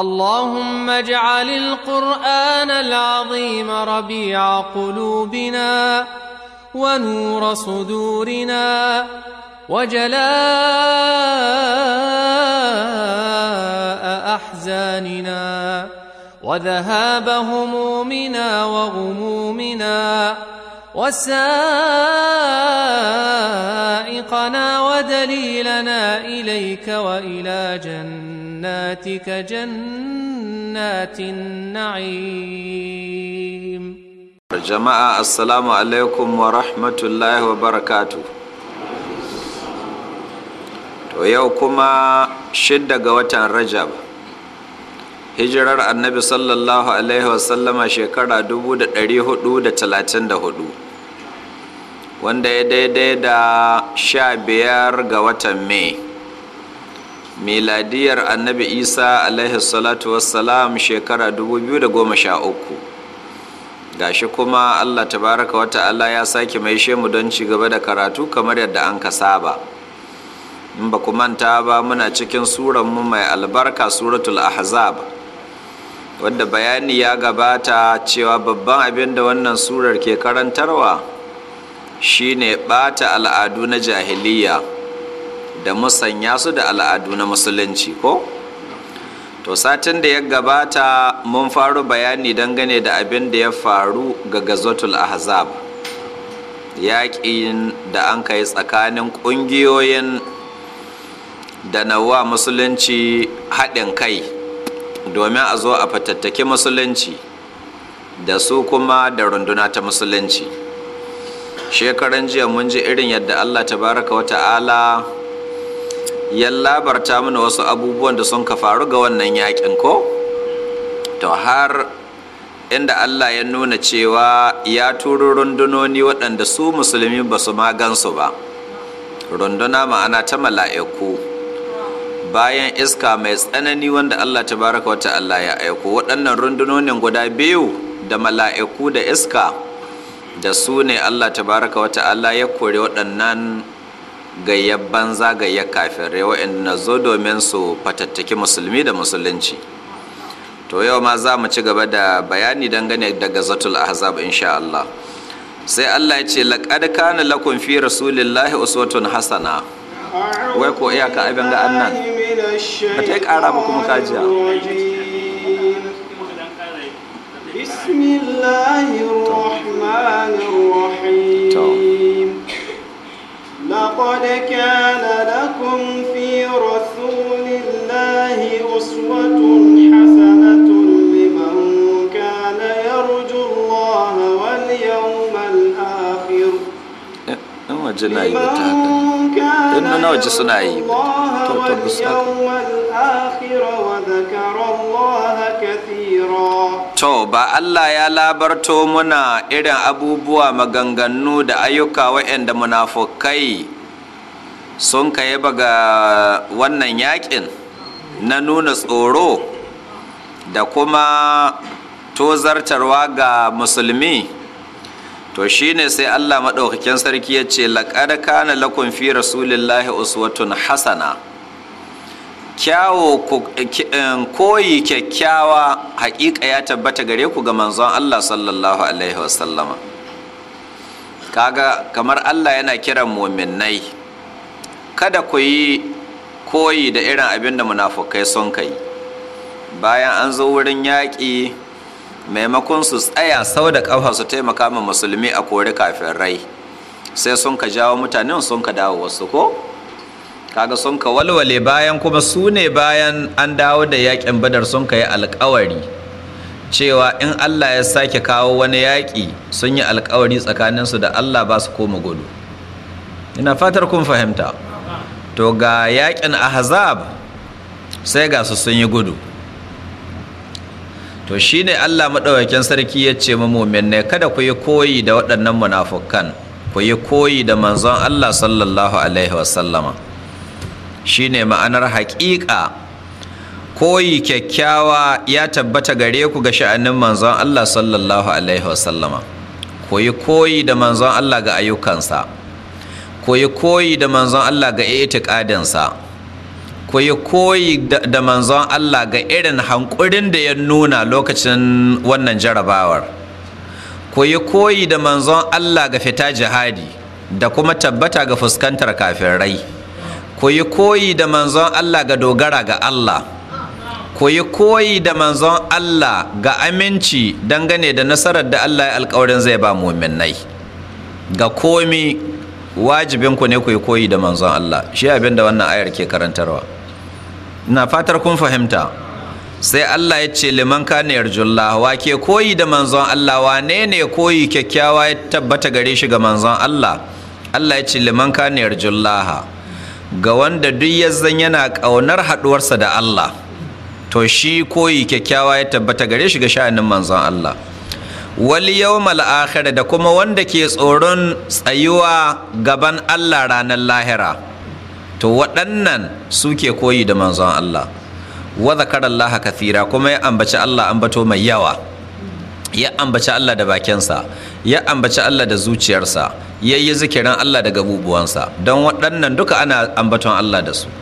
اللهم اجعل القرآن العظيم ربيع قلوبنا ونور صدورنا وجلاء أحزاننا وذهاب همومنا وغمومنا وسائقنا ودليلنا إليك وإلى جنة جناتك جنات النعيم jama'a assalamu alaikum wa rahmatullahi wa barakatu to yau kuma shidda ga watan rajab Hijrar annabi shekara sallallahu alaihi wasallama shekara 434 wanda ya daidai da sha biyar ga watan mai miladiyar annabi isa alaihi salatu wassalam shekara 2013 gashi kuma allah tabaraka Allah ya sake mai shemu don ci gaba da karatu kamar yadda an ka saba in ba ku manta ba muna cikin mu mai albarka suratul ahzab wadda bayani ya gabata cewa babban abin da wannan surar ke karantarwa shine bata al'adu na jahiliya da musanya su da al'adu na musulunci ko to satin da ya gabata mun faru bayani dangane da abin da ya faru ga gazotul ahzab yaƙin da an kai tsakanin ƙungiyoyin da nawa musulunci haɗin kai domin a zo a fatattake musulunci da su kuma da runduna ta musulunci shekaran jiya mun ji irin yadda allah tabaraka wa ta'ala ya labarta mana wasu abubuwan da sun ka faru ga wannan yakin ko to har inda Allah ya nuna cewa ya turo rundunoni waɗanda su musulmi ba su magansu ba runduna ma'ana ta mala'iku bayan iska mai tsanani wanda Allah ta baraka wata Allah ya aiko waɗannan rundunonin guda biyu da mala'iku da iska da su ne Allah ta baraka wata Allah ya kore waɗannan gayyar banza gayyar kafirai waɗanda zo domin su fatattaki musulmi da musulunci to yau ma za mu ci gaba da bayani dangane daga zatul ahzab insha Allah sai Allah ya ce laqad kana lakum fi rasulillahi uswatun hasana wai ko iyaka abin ga annan ba ta yi kara ba kuma kajiya bismillahir rahmanir rahim لقد كان لكم في رسول الله أسوة حسنة لمن كان يرجو الله واليوم الآخر لمن كان يرجو الله واليوم الآخر وذكر الله كثيرا to ba Allah ya labarto muna irin abubuwa maganganu da ayyuka wayanda munafukai sun kai ba ga wannan yakin na nuna tsoro da kuma tozartarwa ga musulmi to shine sai Allah maɗaukakin sarki ya ce laƙar kana lakun fi rasulillahi uswatun Hassana? kyawo eh, eh, koyi kyakkyawa haƙiƙa ya tabbata gare ku ga manzon Allah sallallahu alaihi wasallama kaga kamar Allah yana kiran muminai kada ku yi koyi da irin abin da munafukai sun kai bayan an zo wurin yaƙi maimakon su tsaya sau da ƙafa su taimaka ma musulmi a kori kafin rai sai sun ka jawo mutanen sun ka dawo wasu ko kaga sun ka walwale bayan kuma su ne bayan an dawo da yaƙin badar sun ka yi alkawari cewa in allah ya sake kawo wani yaƙi sun yi alkawari tsakaninsu da allah ba su koma gudu ina fatar kun fahimta to ga yakin ahzab sai ga su sun yi gudu to shi ne allah maɗaukakin sarki ya ce ne kada ku yi koyi da waɗannan munafukan ku yi koyi da manzon allah sallallahu alaihi wasallama Shi ne ma'anar haƙiƙa koyi kyakkyawa ya tabbata gare ku ga sha'anin manzon Allah sallallahu alaihi wasallama koyi koyi da manzon Allah ga ayyukansa koyi koyi da manzon Allah ga itiƙadinsa koyi koyi da manzon Allah ga irin hankurin da ya nuna lokacin wannan jarabawar koyi koyi da manzon Allah ga fita jihadi da kuma tabbata ga fuskantar kafirai ku yi koyi da manzon Allah ga dogara ga Allah ku yi koyi da manzon Allah ga aminci dangane da nasarar da Allah ya alkawarin zai ba muminai ga komi wajibinku ne ku yi koyi da manzon Allah shi abin da wannan ayar ke karantarwa ina fatar kun fahimta sai Allah ya ce liman kana yarjullah wa ke koyi da manzon Allah wane ne koyi kyakkyawa ya tabbata gare shi ga manzon Allah Allah ya ce liman kana yarjullaha ga wanda duk zan yana ƙaunar haɗuwarsa da Allah to shi koyi kyakkyawa ya tabbata gare shi ga sha'anin manzon Allah wali yau akhir da kuma wanda ke tsoron tsayuwa gaban Allah ranar lahira to waɗannan suke koyi da manzon Allah wa zakarallaha kathira kuma ya ambaci Allah ambato mai yawa ya ambaci Allah da bakinsa ya ambaci Allah da zuciyarsa ya yi zikirin Allah da gabubuwansa don waɗannan duka ana ambaton Allah da su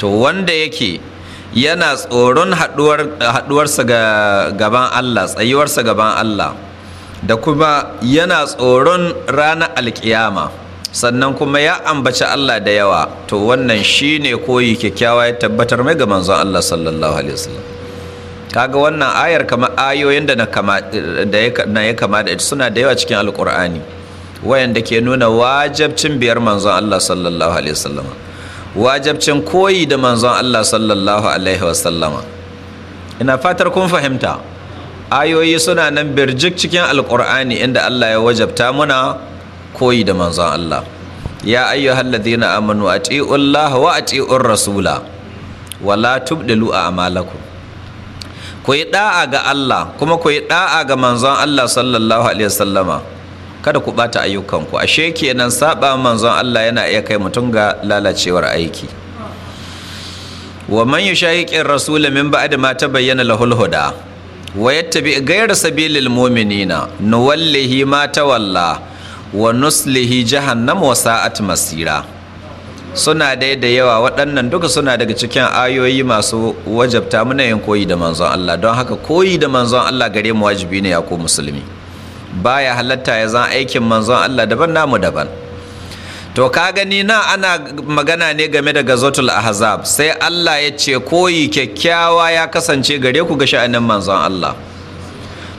to wanda yake yana tsoron haɗuwarsa ga gaban Allah tsayuwarsa gaban Allah da kuma yana tsoron ranar alkiyama sannan kuma ya ambaci Allah da yawa to wannan shine koyi kyakkyawa ya tabbatar mai ga manzon Allah sallallahu alaihi wasallam kaga wannan ayar kama ayoyin da na ya kama da suna da yawa cikin alkur'ani wayanda ke nuna wajabcin biyar manzon Allah sallallahu alaihi wasallama wajabcin koyi da manzon Allah sallallahu alaihi wasallama ina fatar kun fahimta ayoyi suna nan birjik cikin alkur'ani inda Allah ya wajabta muna koyi da manzon Allah ya ayyuhalladhina amanu ati'ullaha wa ati'ur rasula wala tubdilu a'malakum ku yi da'a ga Allah kuma ku yi da'a ga manzon Allah sallallahu alaihi wasallama kada ku ɓata ayyukanku ashe kenan saba manzon Allah yana iya kai mutum ga lalacewar aiki wa man yushayiqir rasul min ba'd ma tabayyana lahul huda wa yattabi ghayr sabilil mu'minina nuwallihi ma tawalla wa nuslihi jahannam wa sa'at masira suna dai da yawa waɗannan duka suna daga cikin ayoyi masu wajabta muna yin koyi da manzon Allah don haka koyi da manzon Allah gare mu wajibi ne ya ko musulmi baya halatta ya zan aikin manzon Allah daban namu daban to ka gani na ana magana ne game da gazotul ahzab sai Allah ya ce koyi kyakkyawa ya kasance gare ku ga sha'anin manzon Allah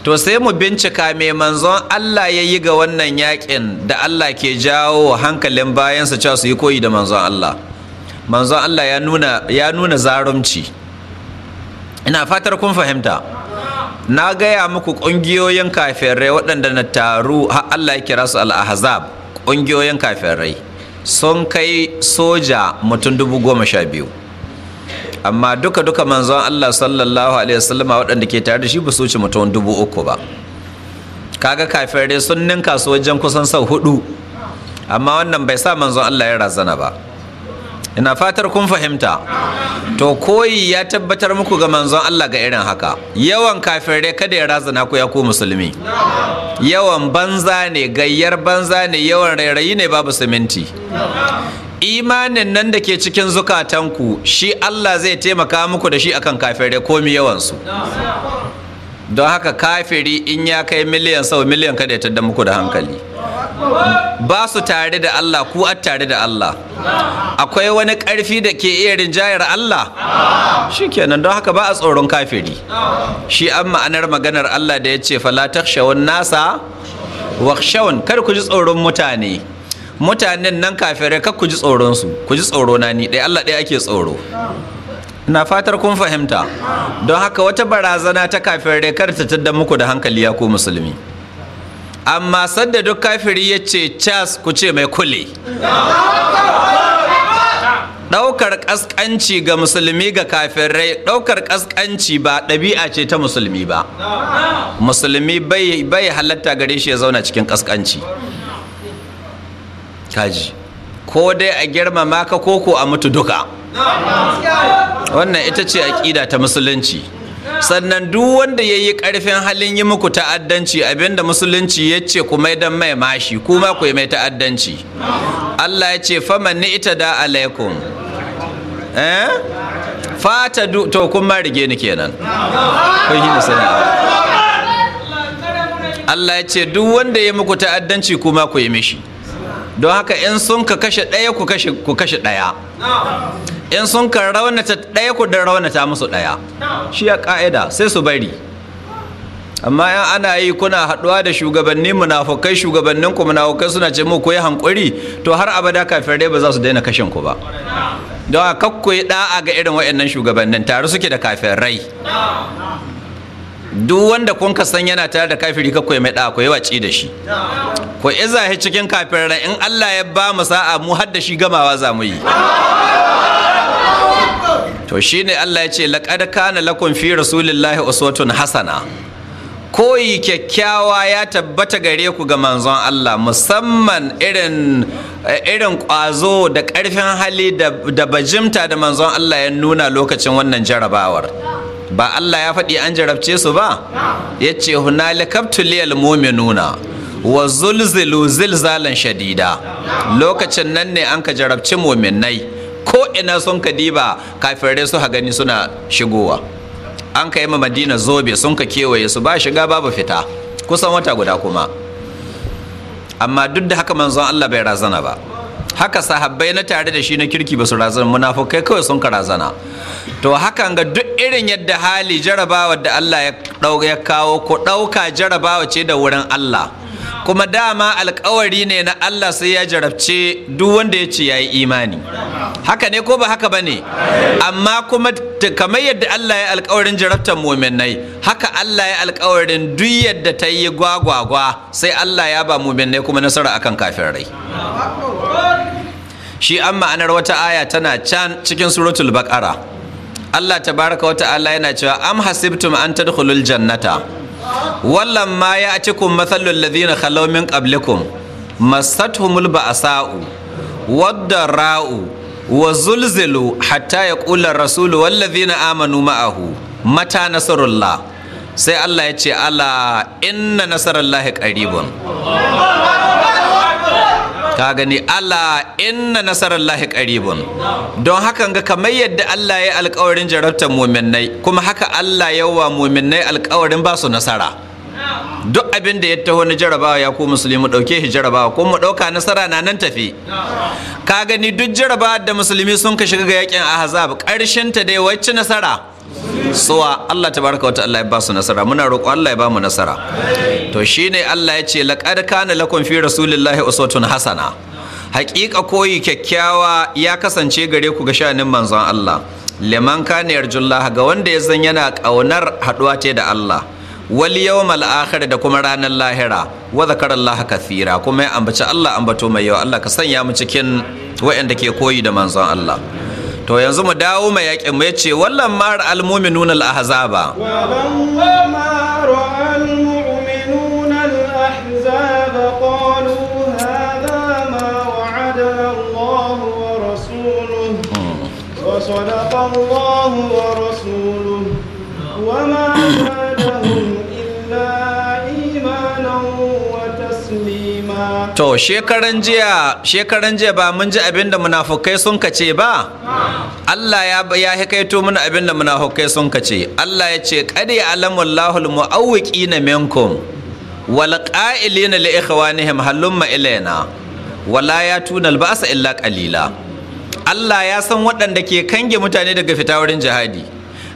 to sai mu bincika mai manzon Allah ya yi ga wannan yakin da Allah ke jawo hankalin bayansa cewa su yi koyi da manzon Allah manzon Allah ya nuna ya nuna zarumci ina fatar kun fahimta na gaya muku ƙungiyoyin kafirai waɗanda na taru har Allah ya kira su al-ahzab ƙungiyoyin kafirai sun kai soja mutum dubu goma sha biyu amma duka duka manzon Allah sallallahu alaihi wasallam waɗanda ke tare da shi ba su wuce mutum dubu uku ba kaga kafirai sun ninka su wajen kusan sau hudu amma wannan bai sa manzon Allah ya razana ba ina fatar kun fahimta to koyi ya tabbatar muku ga manzon Allah ga irin haka yawan kafirai kada ya razana ku ya ku musulmi yawan banza ne gayyar banza ne yawan rairayi ne babu siminti imanin nan da ke cikin zukatanku shi Allah zai taimaka muku da shi akan kafirai komi yawansu don haka kafiri in ya kai miliyan sau miliyan kada ya tadda muku da hankali ba su tare da Allah ku a tare da Allah akwai wani ƙarfi da ke iya rinjayar Allah shikenan don haka ba a tsoron kafiri shi an ma'anar maganar Allah da ya ce falatar takshawan nasa wakshawan kar ku ji tsoron mutane mutanen nan kafirai kar ku ji tsoronsu ku ji tsoro na ni ɗaya Allah ɗaya ake tsoro na fatar kun fahimta don haka wata barazana ta kafirai kar ta tadda muku da hankali ya ko musulmi amma sadda duk kafiri ya ce cas ku ce mai kule ɗaukar ƙasƙanci ga musulmi ga kafirai ɗaukar ƙasƙanci ba ɗabi'a ce ta musulmi ba musulmi bai halatta gare shi ya zauna cikin ƙasƙanci kaji ko dai a girmama ka koko a mutu duka wannan ita ce aƙida ta musulunci sannan duk wanda ya yi ƙarfin halin yi muku ta'addanci abinda musulunci ya ce ku mai don mai mashi kuma ku yi mai ta'addanci Allah ya ce fama ni ita da alaikum eh? fata du to kun ma rige ni kenan Allah ya ce duk wanda ya yi muku ta'addanci kuma ku yi mishi don haka in sun ka kashe ɗaya ku kashe ɗaya in sun ka raunata ɗaya ku da raunata musu ɗaya shi ya ƙa'ida sai su bari amma yan ana yi kuna haɗuwa da shugabanni munafukai shugabannin ku munafukai suna ce mu yi hankuri to har abada kafin dai ba za su daina kashin ku ba don haka kakku yi ɗa'a ga irin waɗannan shugabannin tare suke da kafin rai. duk wanda kun ka san yana tare da kafiri ka koyi mai da koyi waci da shi ko iza he cikin kafirin in Allah ya ba mu sa'a mu har da shi gamawa za mu yi to shine Allah ya ce laqad kana lakum fi rasulillahi uswatun hasana koyi kyakkyawa ya tabbata gare ku ga manzon Allah musamman irin irin ƙwazo da karfin hali da bajimta da manzon Allah ya nuna lokacin wannan jarabawar. ba Allah ya faɗi an jarabce su ba ya ce hunalikabtuliyal muminuna wa zulzulu zilzalan shadida lokacin nan ne an ka jarabci muminai ko ina sun ka diba kafirai su gani suna shigowa an ka yi ma madina zobe sun ka kewaye su ba shiga babu fita kusan wata guda kuma amma duk da haka manzon Allah bai razana ba haka sahabbai na tare da shi na kirki ba su razana munafukai kawai sun ka razana to hakan ga duk irin yadda hali jarabawa da Allah ya kawo ko ɗauka jarabawa ce da wurin Allah kuma dama alkawari ne na Allah sai ya jarabce duk wanda ya ce ya yi imani haka ne ko ba haka ba ne amma kuma kamar yadda Allah ya alkawarin jarabtar muminai haka Allah ya alkawarin duk yadda ta yi gwagwagwa sai Allah ya ba muminai kuma nasara akan rai. shi an ma'anar wata aya tana can cikin suratul baqara Allah tabaraka wa ta'ala yana cewa am hasibtum an tadkhulul jannata wallan ma ya ci kun matsalul ladina khalau min qablikum a sa'u wadda ra'u wa zulzilu hatta yaqula rasulu wal ladina amanu ma'ahu mata nasarullah sai Allah ya ce ala inna nasarallahi ƙaribin ka gani Allah inna nasarar lahi karibun. don hakan ga kamar yadda Allah ya alkawarin jarabtar mu'minnai kuma haka Allah yawa mu'minnai alkawarin ba su nasara duk abin da ya taho na jarabawa ya ku musulmi mu shi jarabawa ko mu ɗauka nasara na nan tafi ka gani duk jarabawa da musulmi sun ka shiga ga yakin ahzab ƙarshen ta dai wacce nasara suwa Allah ta baraka wata Allah ya ba su nasara muna roƙo Allah ya ba mu nasara to ne Allah ya ce laqad kana lakum fi rasulillahi uswatun hasana haƙiƙa koyi kyakkyawa ya kasance gare ku ga shanin manzon Allah liman kana Jullaha ga wanda ya zan yana ƙaunar haɗuwa ce da Allah wal yawmal akhir da kuma ranar lahira wa zakarallaha kathira kuma ya ambaci Allah ambato mai yawa Allah ka sanya mu cikin waɗanda ke koyi da manzon Allah to yanzu mu dawo mai yaƙin mu yace wallan mar almu'minun alahzaba وصدق الله ورسوله وما زادهم to shekaran jiya shekaran jiya ba mun ji abin da munafukai sun kace ba Allah ya ya hikaito mana abin da munafukai sun kace Allah ya ce qad ya'lamu Allahu al-mu'awwiqina minkum wal qa'ilina li ikhwanihim halumma ilaina wala yatuna al-ba'sa illa qalila Allah ya san waɗanda ke kange mutane daga fita wurin jihadi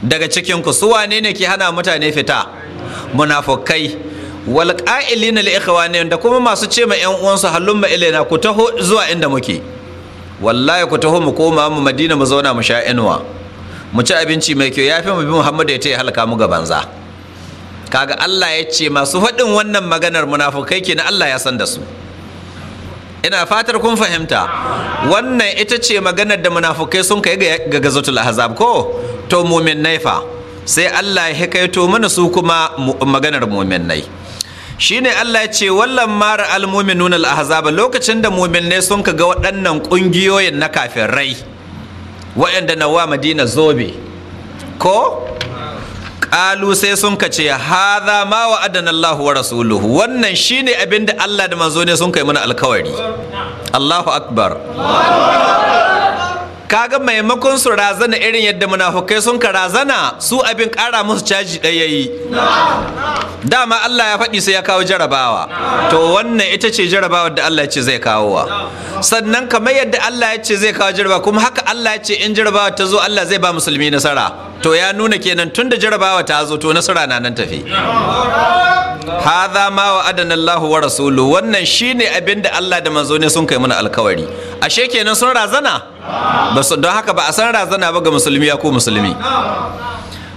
daga cikin ku su wane ne ke hana mutane fita munafukai wal qa'ilina li da kuma masu ce ma ƴan uwansu hallumma ilaina ku taho zuwa inda muke wallahi ku taho mu koma mu Madina mu zauna mu sha inuwa mu ci abinci mai kyau yafi mu bi Muhammadu ya ta halaka mu ga banza kaga Allah ya ce masu faɗin wannan maganar munafukai kenan Allah ya san da su ina fatar kun fahimta wannan ita ce maganar da munafukai sun kai ga gazatul ahzab ko to mumin naifa sai Allah ya hikaito mana su kuma maganar mumin nai shine Allah ya ce wallan mara almu'minuna al-ahzaba lokacin da mu'minai sun ga waɗannan ƙungiyoyin na kafirai waɗanda na wa Madina zobe ko Ƙalu sai sun ka ce hadha ma wa'adana Allah wa rasuluhu wannan shine abinda Allah da manzo ne sun kai mana alkawari Allahu akbar kaga maimakon su razana irin yadda munafukai sun ka razana su abin kara musu caji ɗaya yi dama Allah ya faɗi sai ya kawo jarabawa to wannan ita ce jarabawar da Allah ce zai kawo wa sannan kamar yadda Allah ya ce zai kawo jarabawa kuma haka Allah ya ce in jarabawa ta zo Allah zai ba musulmi nasara to ya nuna kenan tun da jarabawa ta zo to nasara na nan tafi hadha ma wa adana Allahu wa rasulu wannan shine abin da Allah da manzo ne sun kai mana alkawari ashe kenan sun razana ba don haka ba a san razana ba ga musulmi ya ko musulmi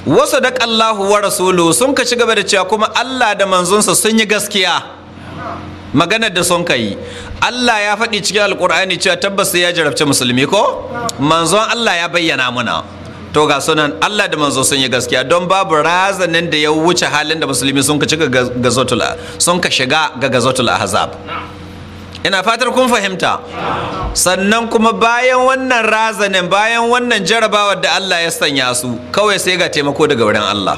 wasu da Allahu wa rasulu sun ka ci gaba da cewa kuma Allah da manzonsa sun yi gaskiya maganar da sun kai Allah ya faɗi cikin alkur'ani cewa tabbas ya jarabce musulmi ko manzon Allah ya bayyana muna to ga sunan Allah da manzo sun yi gaskiya don babu razanin da ya wuce halin da musulmi sun ka shiga gazotul sun ka shiga ga gazotul ahzab ina fatar kun fahimta sannan kuma bayan wannan razanin bayan wannan jarabawar da Allah ya sanya su kawai sai ga taimako daga wurin Allah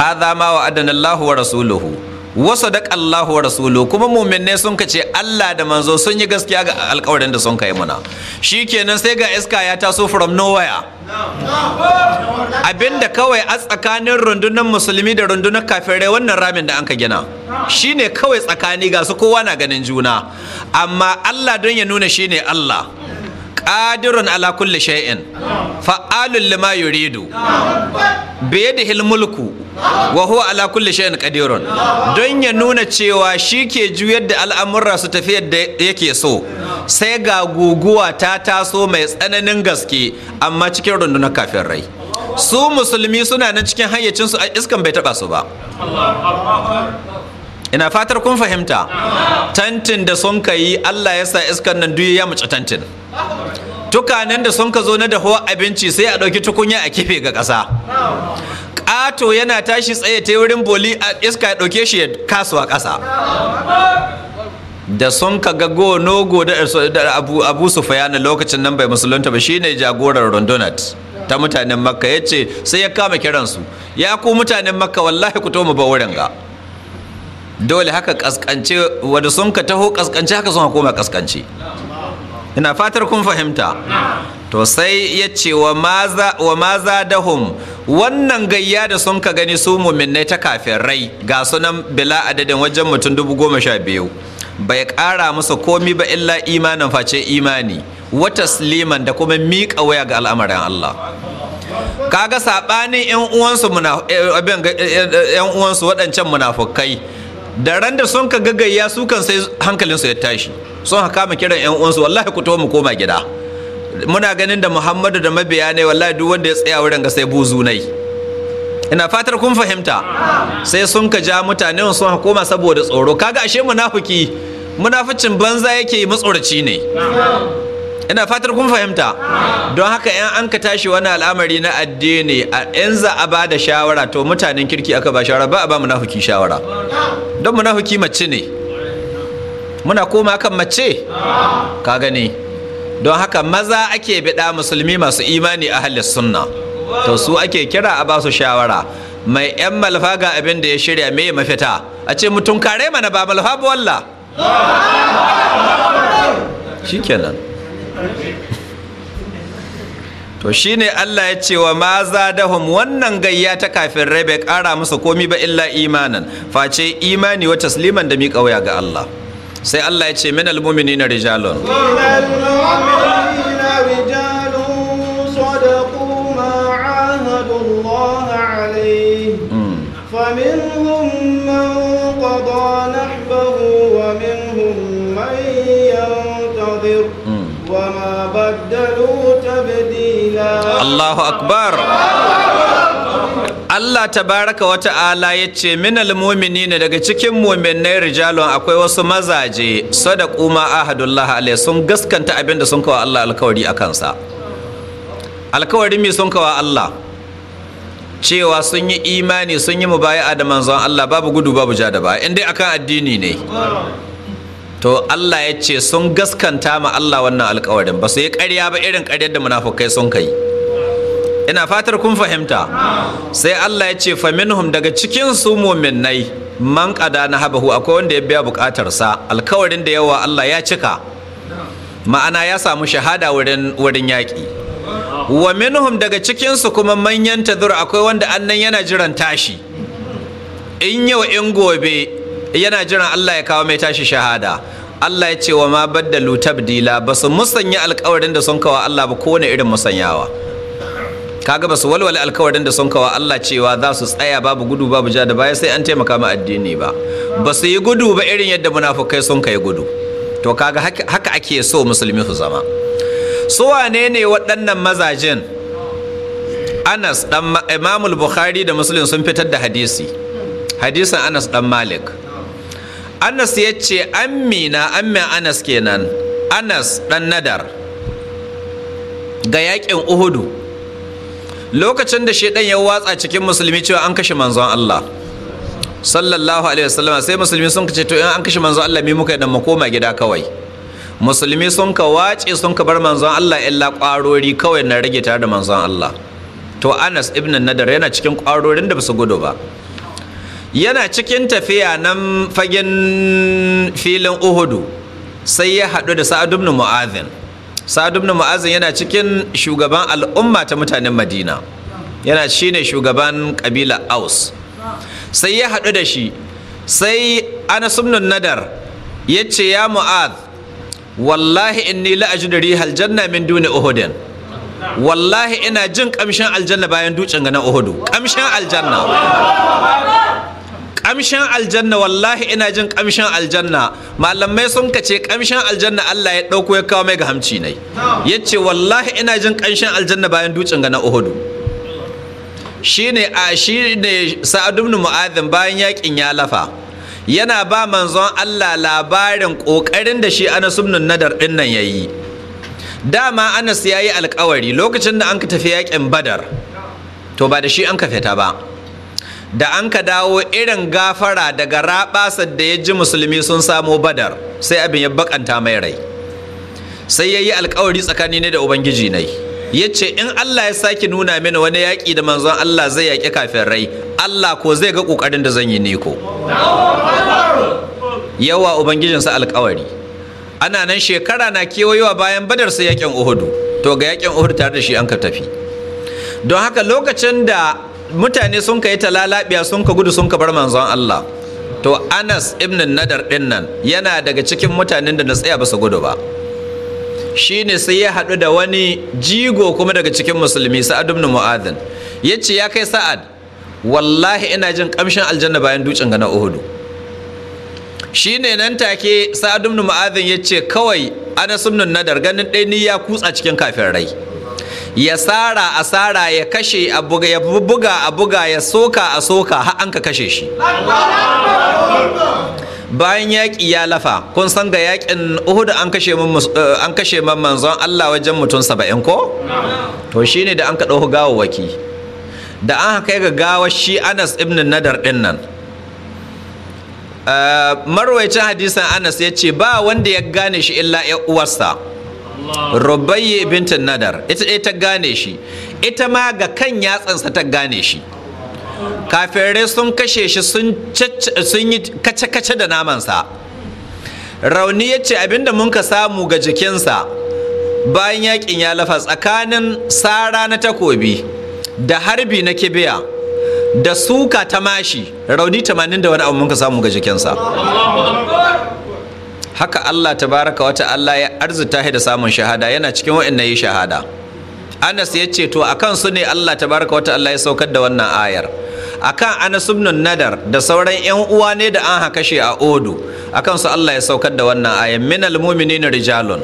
hadha ma wa'adana Allahu wa rasuluhu Wasu sadaqa Allahu wa rasuluhu kuma muminnai sun kace Allah da manzo sun yi gaskiya ga alƙawarin da sun kai muna kenan sai ga iska ya taso from nowhere abinda kawai a tsakanin rundunar musulmi da rundunar kafirai wannan ramin da anka gina shine kawai tsakani ga su kowa na ganin juna amma Allah don ya nuna shine Allah qadirun ala kulli shay'in fa'alul lima yuridu bi yadihi mulku wa huwa ala kulli shay'in qadirun don ya nuna cewa shi ke juyar da al'amurra su tafi yadda yake so sai ga guguwa ta taso mai tsananin gaske amma cikin rundunar kafin rai su musulmi suna nan cikin hayyacinsu a iskan bai taba su ba ina fatar kun fahimta tantin da sun ka yi allah ya sa iskan nan duk ya muci tantin tukanen da sun ka zo na dahuwa abinci sai a ɗauki tukunya a kife ga ƙasa ƙato yana tashi tsaye ta wurin boli a iska ya ɗauke shi ya kasuwa ƙasa da sun ka ga nogo da abu abu na lokacin nan bai musulunta ba shine jagorar rundunat ta mutanen makka ya ce sai ya kama kiransu ya ku mutanen makka wallahi ku to ba wurin ga dole haka kaskance wadda sun ka taho kaskance haka sun koma kaskance ina fatar kun fahimta to sai ya ce wa maza dahum wannan gayya da sun ka gani su muminai ta kafin rai ga sunan bila adadin wajen mutum dubu goma sha biyu bai kara musu komi ba illa imanin face imani wata sliman da kuma miƙa waya ga al'amarin Allah kaga saɓanin 'yan eh, eh, eh, uwansu waɗancan munafukai da ran da sun ka gaggaya su kan sai hankalinsu ya tashi sun haka mu kiran yan uwansu wallahi ku mu koma gida muna ganin da muhammadu da mabiya ne wallahi duk wanda ya tsaya wurin ga sai buzu nai ina fatar kun fahimta sai sun ka ja mutane sun koma saboda tsoro kaga ashe munafiki Munafucin banza yake matsoraci ne ina fatar kun fahimta don haka yan an ka tashi wani al'amari na addini a yan za a ba da shawara to mutanen kirki aka ba shawara ba a ba munafiki shawara don munafiki mace ne muna koma kan mace ka gani don haka maza ake biɗa musulmi masu imani a halin sunna to su ake kira a ba su shawara mai yan malfa ga abin da ya shirya me mafita a ce mutum kare mana ba malfa ba walla shikenan to shine Allah ya ce wa ma zadahum wannan gayya ta rai bai kara musu komi ba illa imanan face imani wa tasliman da miƙa waya ga Allah sai Allah ya ce min almu'minina rijalun فمنهم بدلوا تبديلا الله أكبر Allah tabaraka wa ya ce minal ne daga cikin mu'minai rijalun akwai wasu mazaje sadaqu ma ahadullah alai sun gaskanta abinda sun kawa Allah alkawari a kansa alkawari mai sun kawa Allah cewa sun yi imani sun yi mubaya'a da manzon Allah babu gudu babu ja ba in dai akan addini ne to Allah ya ce sun gaskanta ma Allah wannan alkawarin ba su yi karya ba irin ƙaryar da munafukai sun kai ina fatar kun fahimta sai Allah ya ce fa daga cikin su mu'minnai man kada na habahu akwai wanda ya biya bukatar sa alkawarin da yawa Allah ya cika ma'ana ya samu shahada wurin wurin yaƙi wa minhum daga cikin su kuma manyan tadur akwai wanda annan yana jiran tashi in yau in gobe yana jiran Allah ya kawo mai tashi shahada Allah ya ce wa ma baddalu tabdila ba su musanya alkawarin da sun kawa Allah ba kowane irin musanyawa kaga ba su walwale alkawarin da sun kawa Allah cewa za su tsaya babu gudu babu ja da baya sai an taimaka ma addini ba ba su yi gudu ba irin yadda munafukai sun kai gudu to kaga haka ake so musulmi su zama su wane ne waɗannan mazajen Anas dan Imamul Bukhari da Muslim sun fitar da hadisi hadisin Anas dan Malik anas ya ce Amina Amina anas kenan anas dan nadar ga yakin uhudu lokacin da shi ɗan ya watsa cikin musulmi cewa an kashe manzon Allah sallallahu alaihi wasallam sai musulmi sun kace to in an kashe manzon Allah me muka dan mu koma gida kawai musulmi sun ka wace sun ka bar manzon Allah illa kwarori kawai na rage tare da manzon Allah to Anas ibn Nadar yana cikin kwarorin da basu gudu ba yana cikin tafiya nan fagen filin uhudu sai ya haɗu da sa'adubnu mu'azin sa'adubnu mu'azin yana cikin shugaban al'umma ta mutanen madina yana shine shugaban kabila aus sai ya haɗu da shi sai ana sumnun nadar ya ce ya mu'az wallahi inni la ajidu rihal janna min duni uhudin wallahi ina jin ƙamshin aljanna bayan dutsen ganin uhudu ƙamshin aljanna Ƙamshin aljanna wallahi ina jin kamshin aljanna malamai sun ka ce kamshin aljanna Allah ya ɗauko ya kawo mai ga hamci ne ce wallahi ina jin kamshin aljanna bayan dutsen ga na Shi ne a ne Sa'ad ibn Mu'adh bayan yakin ya lafa yana ba manzon Allah labarin ƙoƙarin da shi ana ibn Nadar din nan yayi dama Anas yayi alkawari lokacin da an ka tafi yakin Badar to ba da shi an ka fita ba da an ka dawo irin gafara daga raɓasa da ya ji musulmi sun samo badar sai abin ya bakanta mai rai sai ya yi alkawari tsakani ne da ubangiji ne ya ce in allah ya sake nuna mini wani yaƙi da manzon allah zai yaƙi kafin rai allah ko zai ga ƙoƙarin da zan yi ne ko yawa ubangijinsa alkawari ana nan shekara na kewayewa bayan badar sai yaƙin uhudu to ga yaƙin uhudu tare da shi an ka tafi don haka lokacin da mutane sun ka yi talalabiya sun ka gudu sun ka bar manzon Allah to Anas ibn Nadar din nan yana daga cikin mutanen da na tsaya ba su gudu ba Shi ne sai ya haɗu da wani jigo kuma daga cikin musulmi Sa'ad ibn Ya ce ya kai Sa'ad wallahi ina jin kamshin aljanna bayan dutsen gana uhudu Shi ne nan take Sa'ad ibn ya ce kawai Anas ibn Nadar ganin dai ni ya kutsa cikin kafin rai ya tsara a tsara ya kashe a buga ya buga a buga ya soka a soka har an ka kashe shi bayan yaƙi ya lafa kun san ga yaƙin uhud an kashe eh, man manzon Allah wajen mutum saba'in ko to shi ne da an ka ɗauko gawawaki da an haka ga gawar shi Anas ibn Nadar ɗin nan eh, marwaicin hadisan Anas ya ce ba wanda ya gane shi illa ya uwarsa rubayye bintin nadar ita ɗaya ta gane shi ita ma ga kan yatsansa ta gane shi kafirai sun kashe shi sun yi kace-kace da namansa rauni ya ce abinda mun ka samu ga jikinsa bayan yakin ya lafa tsakanin sara na takobi da harbi na kibiya da suka ta mashi rauni 80 da wani abu mun ka samu ga jikinsa haka Allah ta baraka wata Allah ya arzuta da samun shahada yana cikin wa'annan yi shahada Anas ya ce to akan su ne Allah ta baraka wata Allah ya saukar da wannan ayar akan Anas ibn Nadar da sauran yan uwa ne da an haka shi a Odu akan su Allah ya saukar da wannan ayar minal mu'minina rijalun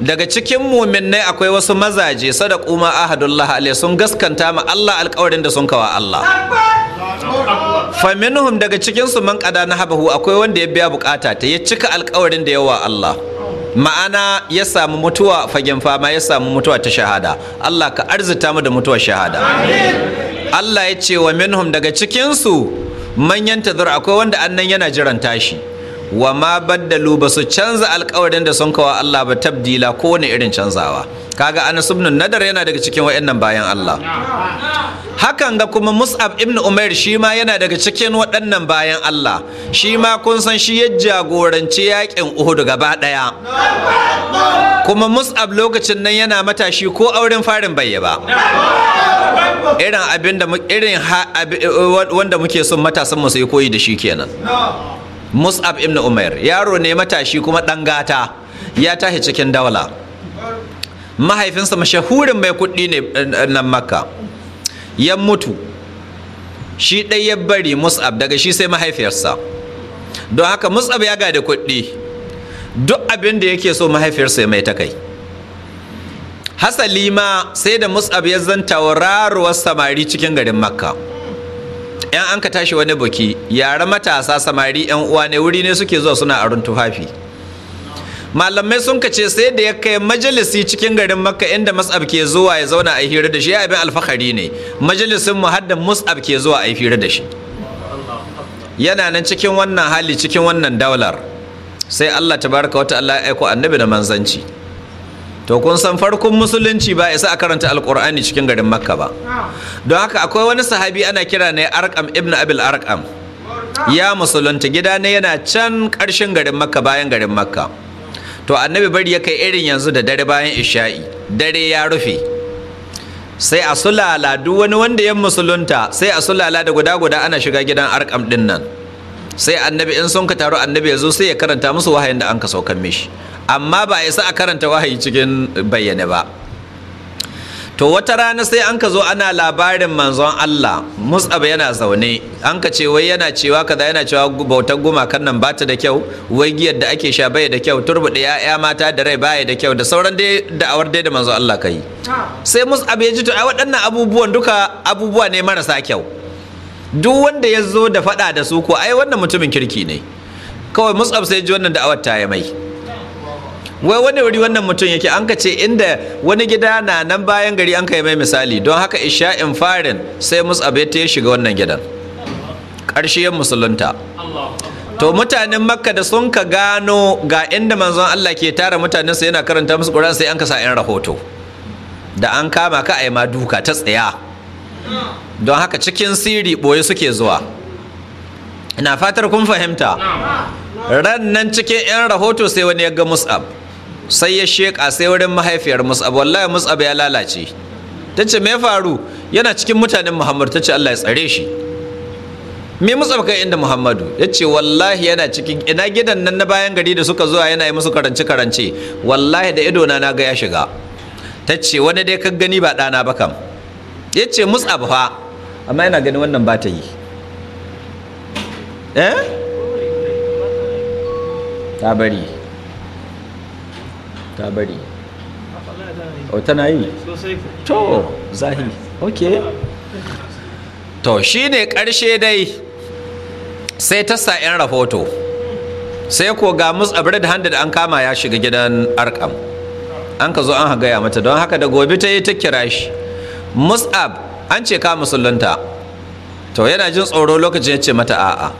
daga cikin muminnai akwai wasu mazaje sadaku ma ahadullah alai sun gaskanta ma Allah alƙawarin da sun kawa Allah faminhum daga cikinsu su man qada na habahu akwai wanda ya biya bukata ta ya cika alƙawarin da yawa Allah ma'ana ya samu mutuwa fagen fama ya samu mutuwa ta shahada Allah ka arzita mu da mutuwa shahada Allah ya ce wa minhum daga cikinsu manyan man akwai wanda annan yana jiran tashi wa ma baddalu ba su canza alkawarin da sun kawa Allah ba tabdila ko wani irin canzawa kaga Anas ibn Nadar yana daga cikin wayannan bayan Allah hakan ga kuma Mus'ab ibn Umair shi ma yana daga cikin waɗannan bayan Allah shi ma kun san shi ya jagoranci yakin Uhud gaba daya kuma Mus'ab lokacin nan yana matashi ko auren farin bai ba irin abin da irin wanda muke son matasan mu su yi koyi da shi kenan mus'ab ibn umair yaro ne matashi kuma ɗan gata ya tashi cikin daula mahaifinsa mashahurin mai kuɗi ne eh, eh, nan makka ya mutu shi ɗai ya bari mus'ab daga shi sai mahaifiyarsa don haka mus'ab ya gada kuɗi duk abin da yake so mahaifiyarsa mai ta kai hasali ma sai da mus'ab ya zanta raruwar samari cikin garin makka yan an ka tashi wani buki yare matasa samari yan uwa ne wuri ne suke zuwa suna arun tufafi malamai sun kace sai da ya kai majalisi cikin garin makka inda mus'ab ke zuwa ya zauna a hira da shi ya abin alfahari ne majalisin mu hadda mus'ab ke zuwa a hira da shi yana nan cikin wannan hali cikin wannan daular sai Allah tabaraka wata Allah ya aiko annabi da manzanci to kun san farkon musulunci ba isa a karanta alkur'ani cikin garin makka ba don haka akwai wani sahabi ana kira ne arkam ibn abil arkam ya musulunta gida ne yana can karshen garin makka bayan garin makka to annabi bari ya kai irin yanzu da dare bayan isha'i dare ya rufe sai a sulala duk wani wanda ya musulunta sai a sulala da guda guda ana shiga gidan arkam din sai annabi in sun ka taru annabi ya zo sai ya karanta musu wahayin da an ka saukan mishi amma ba ya sa a karanta wahayi cikin bayyane ba to wata rana sai an ka zo ana labarin manzon Allah Mus'ab yana zaune an ka ce wai yana cewa kaza yana cewa bautar gumakan nan bata da kyau wai giyar da ake sha bai da kyau turbuɗe ya'ya mata da rai baya da kyau da sauran dai da awar dai da manzon Allah kai ah. sai Mus'ab ya ji to ai waɗannan abubuwan duka abubuwa ne marasa kyau duk wanda ya zo da faɗa da su ko ai wannan mutumin kirki ne kawai musab sai ji wannan da'awar ta mai wai wani wuri wannan mutum yake an ka ce inda wani gida na nan bayan gari an kai mai misali don haka isha'in farin sai musab ya ta shiga wannan gidan ƙarshe musulunta to mutanen makka da sun ka gano ga inda manzon Allah ke tara mutanen sa yana karanta musu ƙuran sai an ka sa 'yan rahoto da an kama ka a ma duka ta tsaya don haka cikin siri ɓoye suke zuwa ina fatar kun fahimta ran nan cikin 'yan rahoto sai wani ya ga mus'ab sai ya sheƙa sai wurin mahaifiyar mus'ab wallahi mus'ab ya lalace ta ce me faru yana cikin mutanen muhammadu ta ce allah ya tsare shi me mus'ab kai inda muhammadu ya ce wallahi yana cikin ina gidan nan na bayan gari da suka zuwa yana yi musu karance karance wallahi da idona na ga ya shiga ta ce wani dai ka gani ba ɗana ba kam ya ce mus'ab fa amma yana ganin wannan ba ta yi eh ta bari ta bari o oh, tana yi to zahiri ok to shine karshe dai sai ta sa 'yan rahoto sai ko ga mus a handa da an kama ya shiga gidan arkam an ka zo an hagaya mata don haka da gobe ta yi ta kira shi musab an ce ka musulunta to yana jin tsoro lokacin ya ce mata a'a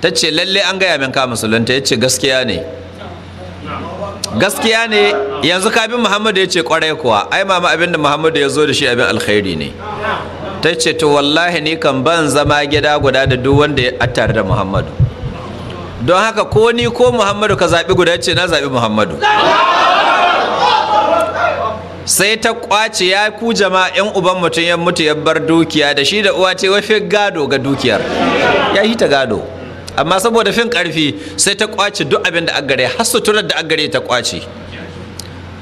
ta ce lalle an gaya min ka musulunta ya ce gaskiya ne gaskiya ne yanzu kabin muhammadu ya ce kwarai kuwa ai mama abin da muhammadu ya zo da shi abin alkhairi ne ta ce to wallahi ni kan ban zama gida guda da duk wanda ya tare da muhammadu don haka ko ni ko muhammadu ka zaɓi guda ce na zaɓi muhammadu sai ta kwace ya ku jama'a yan uban mutum ya mutu ya bar dukiya da shi da uwa ce wafe gado ga dukiyar ya yi ta gado amma saboda fin karfi sai ta kwace duk abin da agare har suturar da agare ta kwace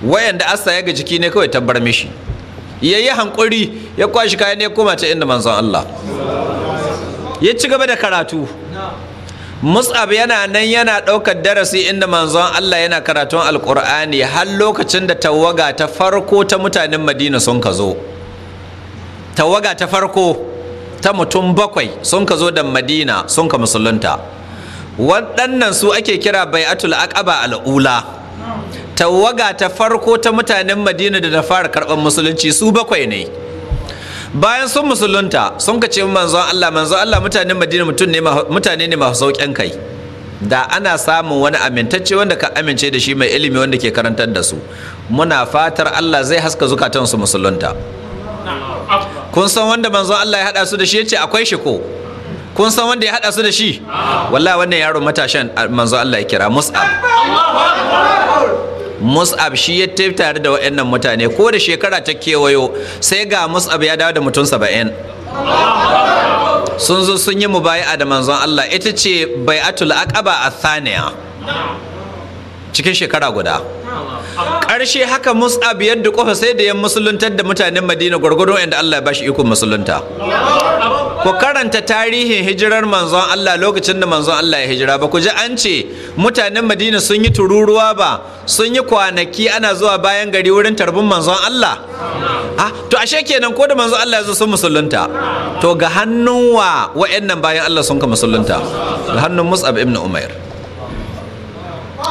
wayan da asa ya ga jiki ne kawai ta bar mishi ya yi hankuri ya kwashi kayan ya koma ta inda manzon Allah ya ci gaba da karatu mus'ab yana nan yana ɗaukar darasi inda manzon Allah yana karatun alƙur'ani har lokacin da tawaga ta farko ta mutanen madina sun ka zo tawaga ta farko ta mutum bakwai sun ka zo da madina sun ka musulunta waɗannan su ake kira bai'atul aqaba al'ula tawaga ta farko ta mutanen madina da ta fara karɓar musulunci su bakwai ne bayan sun musulunta sun ka ce manzon Allah manzon Allah mutanen Madina mutum ne mutane ne masu saukin kai da ana samun wani amintacce wanda ka amince da shi mai ilimi wanda ke karantar da su muna fatar Allah zai haska zukatan su musulunta kun san wanda manzon Allah ya hada su da shi yace akwai shi ko kun san wanda ya hada su da shi wallahi wannan yaro matashan manzon Allah ya kira Mus'ab mus'ab shi ya tafi tare da waɗannan mutane ko da shekara ta kewayo sai ga mus'ab ya dawo da mutum saba'in sun zo sun yi a da manzon Allah ita ce bai atul aqaba thaniya cikin shekara guda ƙarshe haka mus'ab yadda kofa sai da ya musuluntar da mutanen madina gwargwadon yadda allah ya bashi ikon musulunta ku karanta tarihin hijirar manzon allah lokacin da manzon allah ya hijira ba ku ji an ce mutanen madina sun yi tururuwa ba sun yi kwanaki ana zuwa bayan gari wurin tarbin manzon allah to ashe kenan ko da manzon allah ya zo sun musulunta to ga hannun wa wa'annan bayan allah sun ka musulunta ga hannun mus'ab ibn umair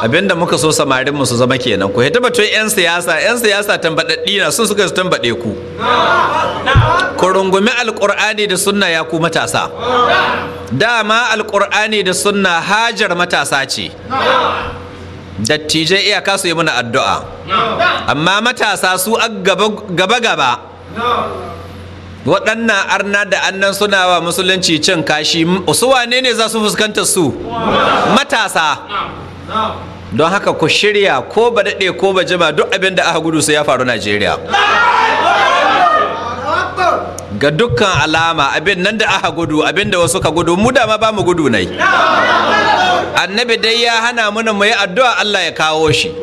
Abin da muka so samarin mu su zama kenan ku hita batun yan siyasa yan siyasa tambadaddi na sun suka tambade ku ku rungumi alqur'ani da sunna ya ku matasa dama alqur'ani da sunna hajar matasa ce dattijai iyaka su yi mana addu'a amma matasa su a gaba gaba waɗannan arna da annan suna wa musulunci cin kashi su wane ne za su fuskanta su matasa don haka ku shirya ko ba daɗe ko ba jima duk abin da aka gudu sai ya faru najeriya ga dukkan alama abin nan da aka gudu abin da wasu ka gudu mu da ma ba mu gudu nai annabi dai ya hana mana mu yi addu'a Allah ya kawo shi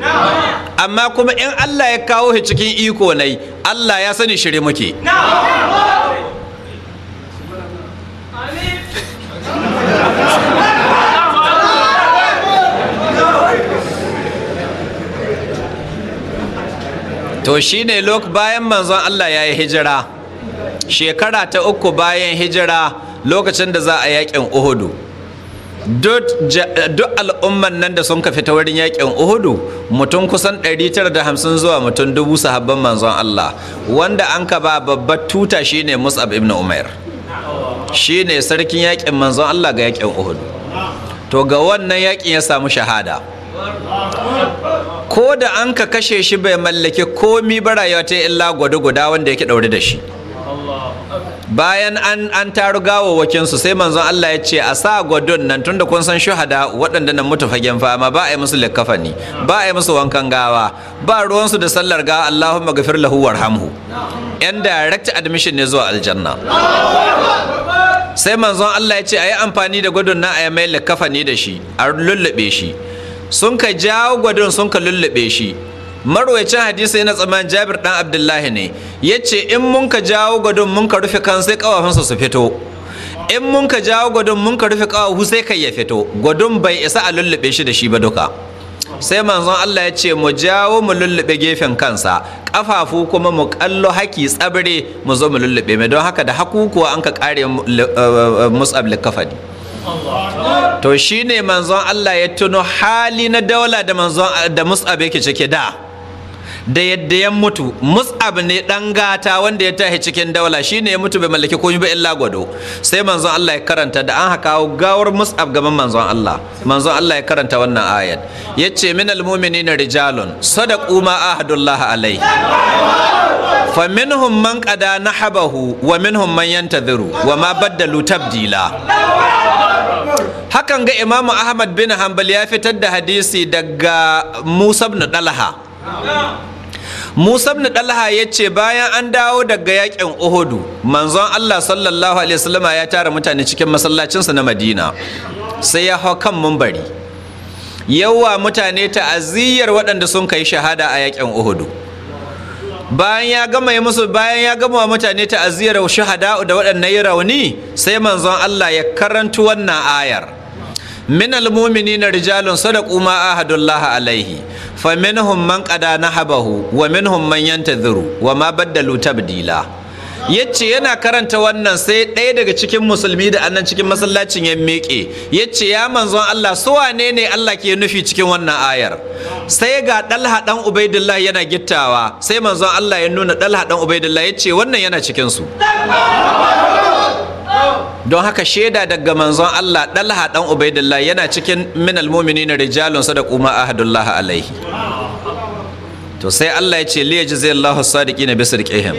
amma kuma in Allah ya kawo shi cikin iko nai Allah ya sani shiri muke to shi lok bayan manzon Allah ya yi hijira shekara ta uku bayan hijira lokacin da za a yakin uhudu duk al'umman nan da sun ka fita wurin yakin uhudu mutum kusan 950 zuwa mutum dubu sahabban manzon Allah wanda an ka ba babbar tuta shi ne Mus'ab ibn Shi ne sarkin yakin manzon Allah ga yakin uhudu to ga wannan yakin ya samu shahada ko da an ka kashe shi bai mallaki komi ba rayuwa ta illa gwada guda wanda yake ɗaure da shi bayan an an taru wakinsu sai manzon Allah ya ce a sa gwadon nan tun da kun san shuhada waɗanda nan mutu fagen fama ba a yi musu likafani ba a yi musu wankan gawa ba ruwansu da sallar gawa Allahun magafir lahu warhamhu yan direct admission ne zuwa aljanna sai manzon Allah ya ce a yi amfani da gwadon nan a yi mai likkafani da shi a lullube shi sun ka jawo gwadon sun ka lullube shi marwacin hadisi yana tsaman jabir dan abdullahi ne ya ce in mun ka jawo gwadon mun ka rufe kan sai kawafinsa su fito in mun ka jawo gwadon mun ka rufe kawafu sai kai ya fito gwadon bai isa a lullube shi da shi ba duka sai manzon Allah ya ce mu jawo mu lullube gefen kansa kafafu kuma mu kallo haki tsabire mu zo mu lullube mai don haka da haku kuwa an ka kare eh, eh, mus'ab likafani to shi ne manzon Allah ya tuno hali na daula da manzon da Mus'ab yake cike da da yadda ya mutu mus'ab ne dan gata wanda ya tahi cikin daula shine ya mutu bai mallaki komai ba illa gwado sai manzon Allah ya karanta da an haka gawar mus'ab gaban manzon Allah manzon Allah ya karanta wannan ayat yace minal mu'minina rijalun sadaqu ma ahadullah alai. fa minhum man qada nahabahu wa minhum man yantadhiru wa ma baddalu tabdila hakan ga imamu ahmad bin hanbal ya fitar da hadisi daga musa ibn dalha Musa bin Dalha ya ce bayan an dawo daga yakin Uhudu manzon Allah sallallahu alaihi wasallama ya tara mutane cikin masallacinsa na Madina sai ya hau kan mumbari yawa mutane ta'aziyyar waɗanda sun kai shahada a yakin Uhudu bayan ya gama ya musu bayan ya gama mutane ta'aziyyar shahada da waɗannan rauni sai manzon Allah ya karantu wannan ayar min almu'minina rijalun sadaqu ma ahadullah alaihi faminhum man na habahu, wa minhum man yantadhiru wa ma baddalu tabdila yace yana karanta wannan sai ɗaya daga cikin musulmi da annan cikin masallacin ya miƙe yace ya manzon Allah su wane ne Allah ke nufi cikin wannan ayar sai ga dalha ɗan ubaidillah yana gittawa sai manzon Allah ya nuna dalha UbaidulLah ubaidillah ce wannan yana cikin su don haka shaida daga manzon Allah dalha ɗan ubaidillah yana cikin minal na rijalun da kuma ahadullah alaihi to sai Allah ya ce liya jazai Allahu sadiqina bisirqihim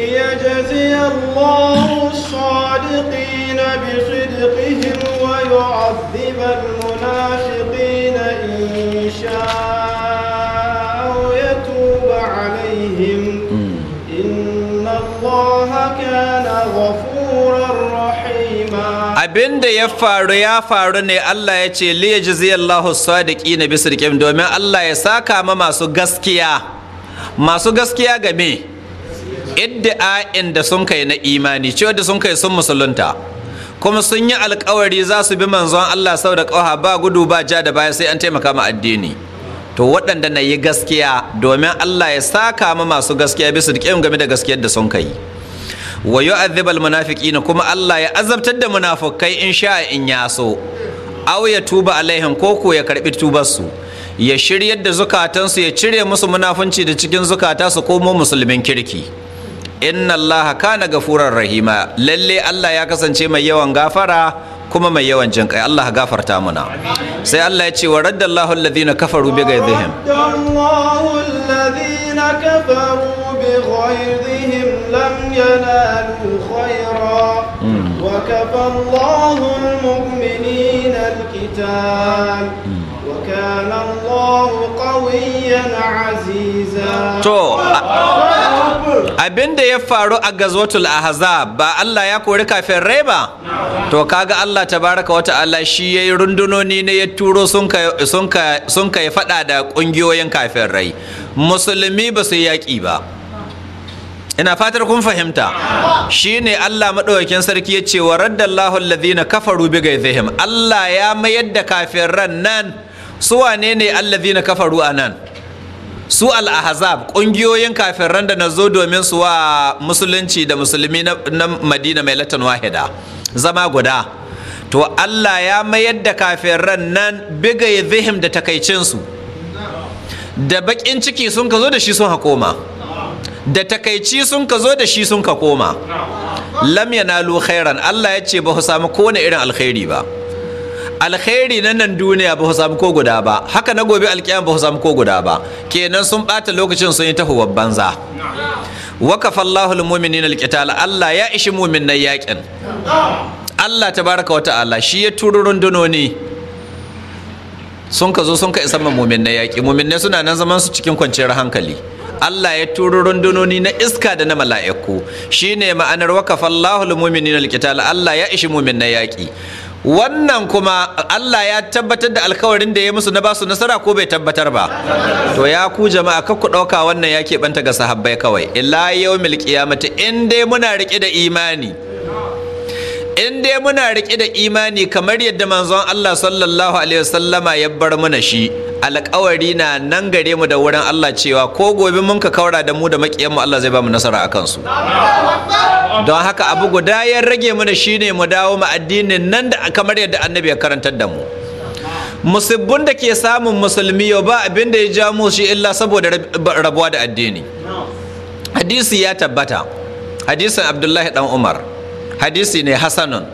الله الصادقين بصدقهم ويعذب المنافقين إن شاء أو يتوب عليهم إن الله كان غفورا abin da ya faru ya faru ne Allah ya ce liya jiziyallahu sadiki sadiqin bisu domin Allah ya saka ma masu gaskiya masu gaskiya game ayin da sun kai na imani cewa da sun kai sun musulunta kuma sun yi alkawari za su bi manzon Allah sau da ƙauha ba gudu ba ja da baya sai an taimaka ma addini to waɗanda na yi gaskiya domin Allah ya saka ma masu gaskiya bisa dukkan game da gaskiyar da sun kai wa yu'adhibal munafiqina kuma Allah ya azabtar da munafukai in sha in ya so aw ya tuba alaihim ko ko ya karbi tubar su ya shiryar da zukatansu ya cire musu munafunci da cikin zukata su komo musulmin kirki inna Allah kana gafurar rahima lalle Allah ya kasance mai yawan gafara kuma mai yawan jin kai Allah gafarta muna sai Allah ya ce wa raddallahu alladhina kafaru bi ghaydhihim Allahu alladhina kafaru bi ghaydhihim lam yanalu khayra hmm. wa kafa Allahu almu'minina alkitab hmm. وكان الله قويا abinda ya faru a gazwatul ahzab ba Allah ya kori kafin rai ba to kaga Allah ta baraka wata Allah shi yayi rundunoni na ya turo sun ka sun fada da kungiyoyin kafin rai musulmi ba su yaki ba ina fatar kun fahimta shine Allah maɗaukakin sarki ya ce wa raddallahu alladhina kafaru bi ghaizihim Allah ya mayar da kafin ran nan su wane ne na kafaru nan? su al-ahzab kungiyoyin ran da na zo domin su wa musulunci da musulmi na Madina mai latan wahida zama guda to Allah ya mayar da ran nan bigaye zihim da takaicinsu da bakin ciki sun ka zo da shi sun koma. da takaici sun ka zo da shi sun ka koma lam yanalu khairan Allah ya ce ba ku samu kowane irin alkhairi ba alkhairi na nan duniya ba samu ko guda ba haka na gobe alkiyama ba samu ko guda ba kenan sun bata lokacin sun yi taho banza wakafa Allahul mu'minina alqital Allah ya ishi mu'minan yakin Allah tabaraka ta'ala shi ya turo rundunoni sun ka zo sun ka isa ma mu'minan yaki mu'minai suna nan zaman su cikin kwanciyar hankali Allah ya turo rundunoni na iska da na mala'iku shine ma'anar wakafa Allahul mu'minina alqital Allah ya ishi mu'minan yaki wannan kuma Allah ya tabbatar da alkawarin da ya musu na basu nasara ko bai tabbatar ba to ya ku jama'a kar ku ɗauka wannan ya keɓanta ga sahabbai kawai illa yawmil qiyamati in dai muna riƙe da imani in dai muna riƙe da imani kamar yadda manzon Allah sallallahu alaihi wasallama ya bar mana shi alƙawari na nan gare mu da wurin Allah cewa ko gobe mun ka kaura da mu da makiyanmu Allah zai ba mu nasara a kansu don haka abu guda ya rage mana shine mu dawo mu addinin nan da kamar yadda annabi ya karantar da mu musibbin da ke samun musulmi yau ba abin da ya ja mu shi illa saboda rabuwa da addini hadisi ya tabbata hadisin abdullahi dan umar hadisi ne hasanun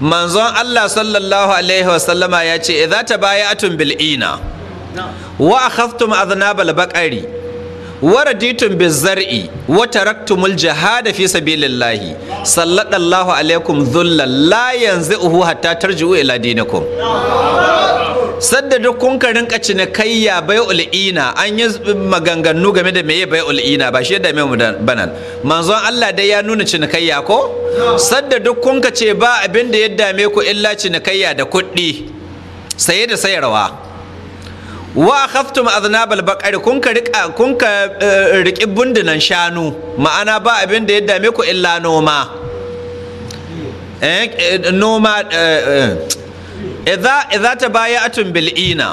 manzon Allah sallallahu alaihi wasallama ya ce ta baya bil bilina. wa akhadhtum adhnab al baqari waraditun bizar'i wa taraktumul jihada fi sabilillahi sallallahu alaikum dhulla la uhu hatta tarji'u ila dinikum sadda duk kun ka rinka cinikayya bai ul'ina an yi maganganu game da meye bai ul'ina ba shi da mu banan manzon Allah dai ya nuna cinikayya ko sadda duk kun ka ce ba abin da ya dame ku illa cinikayya da kuɗi saye da sayarwa wa khaftum aznabal baqar kun ka rika kun ka eh, riki bundunan shanu ma'ana ba abin da ya dame ku illa noma eh, eh noma eh, idza idza tabaya'tum bil ina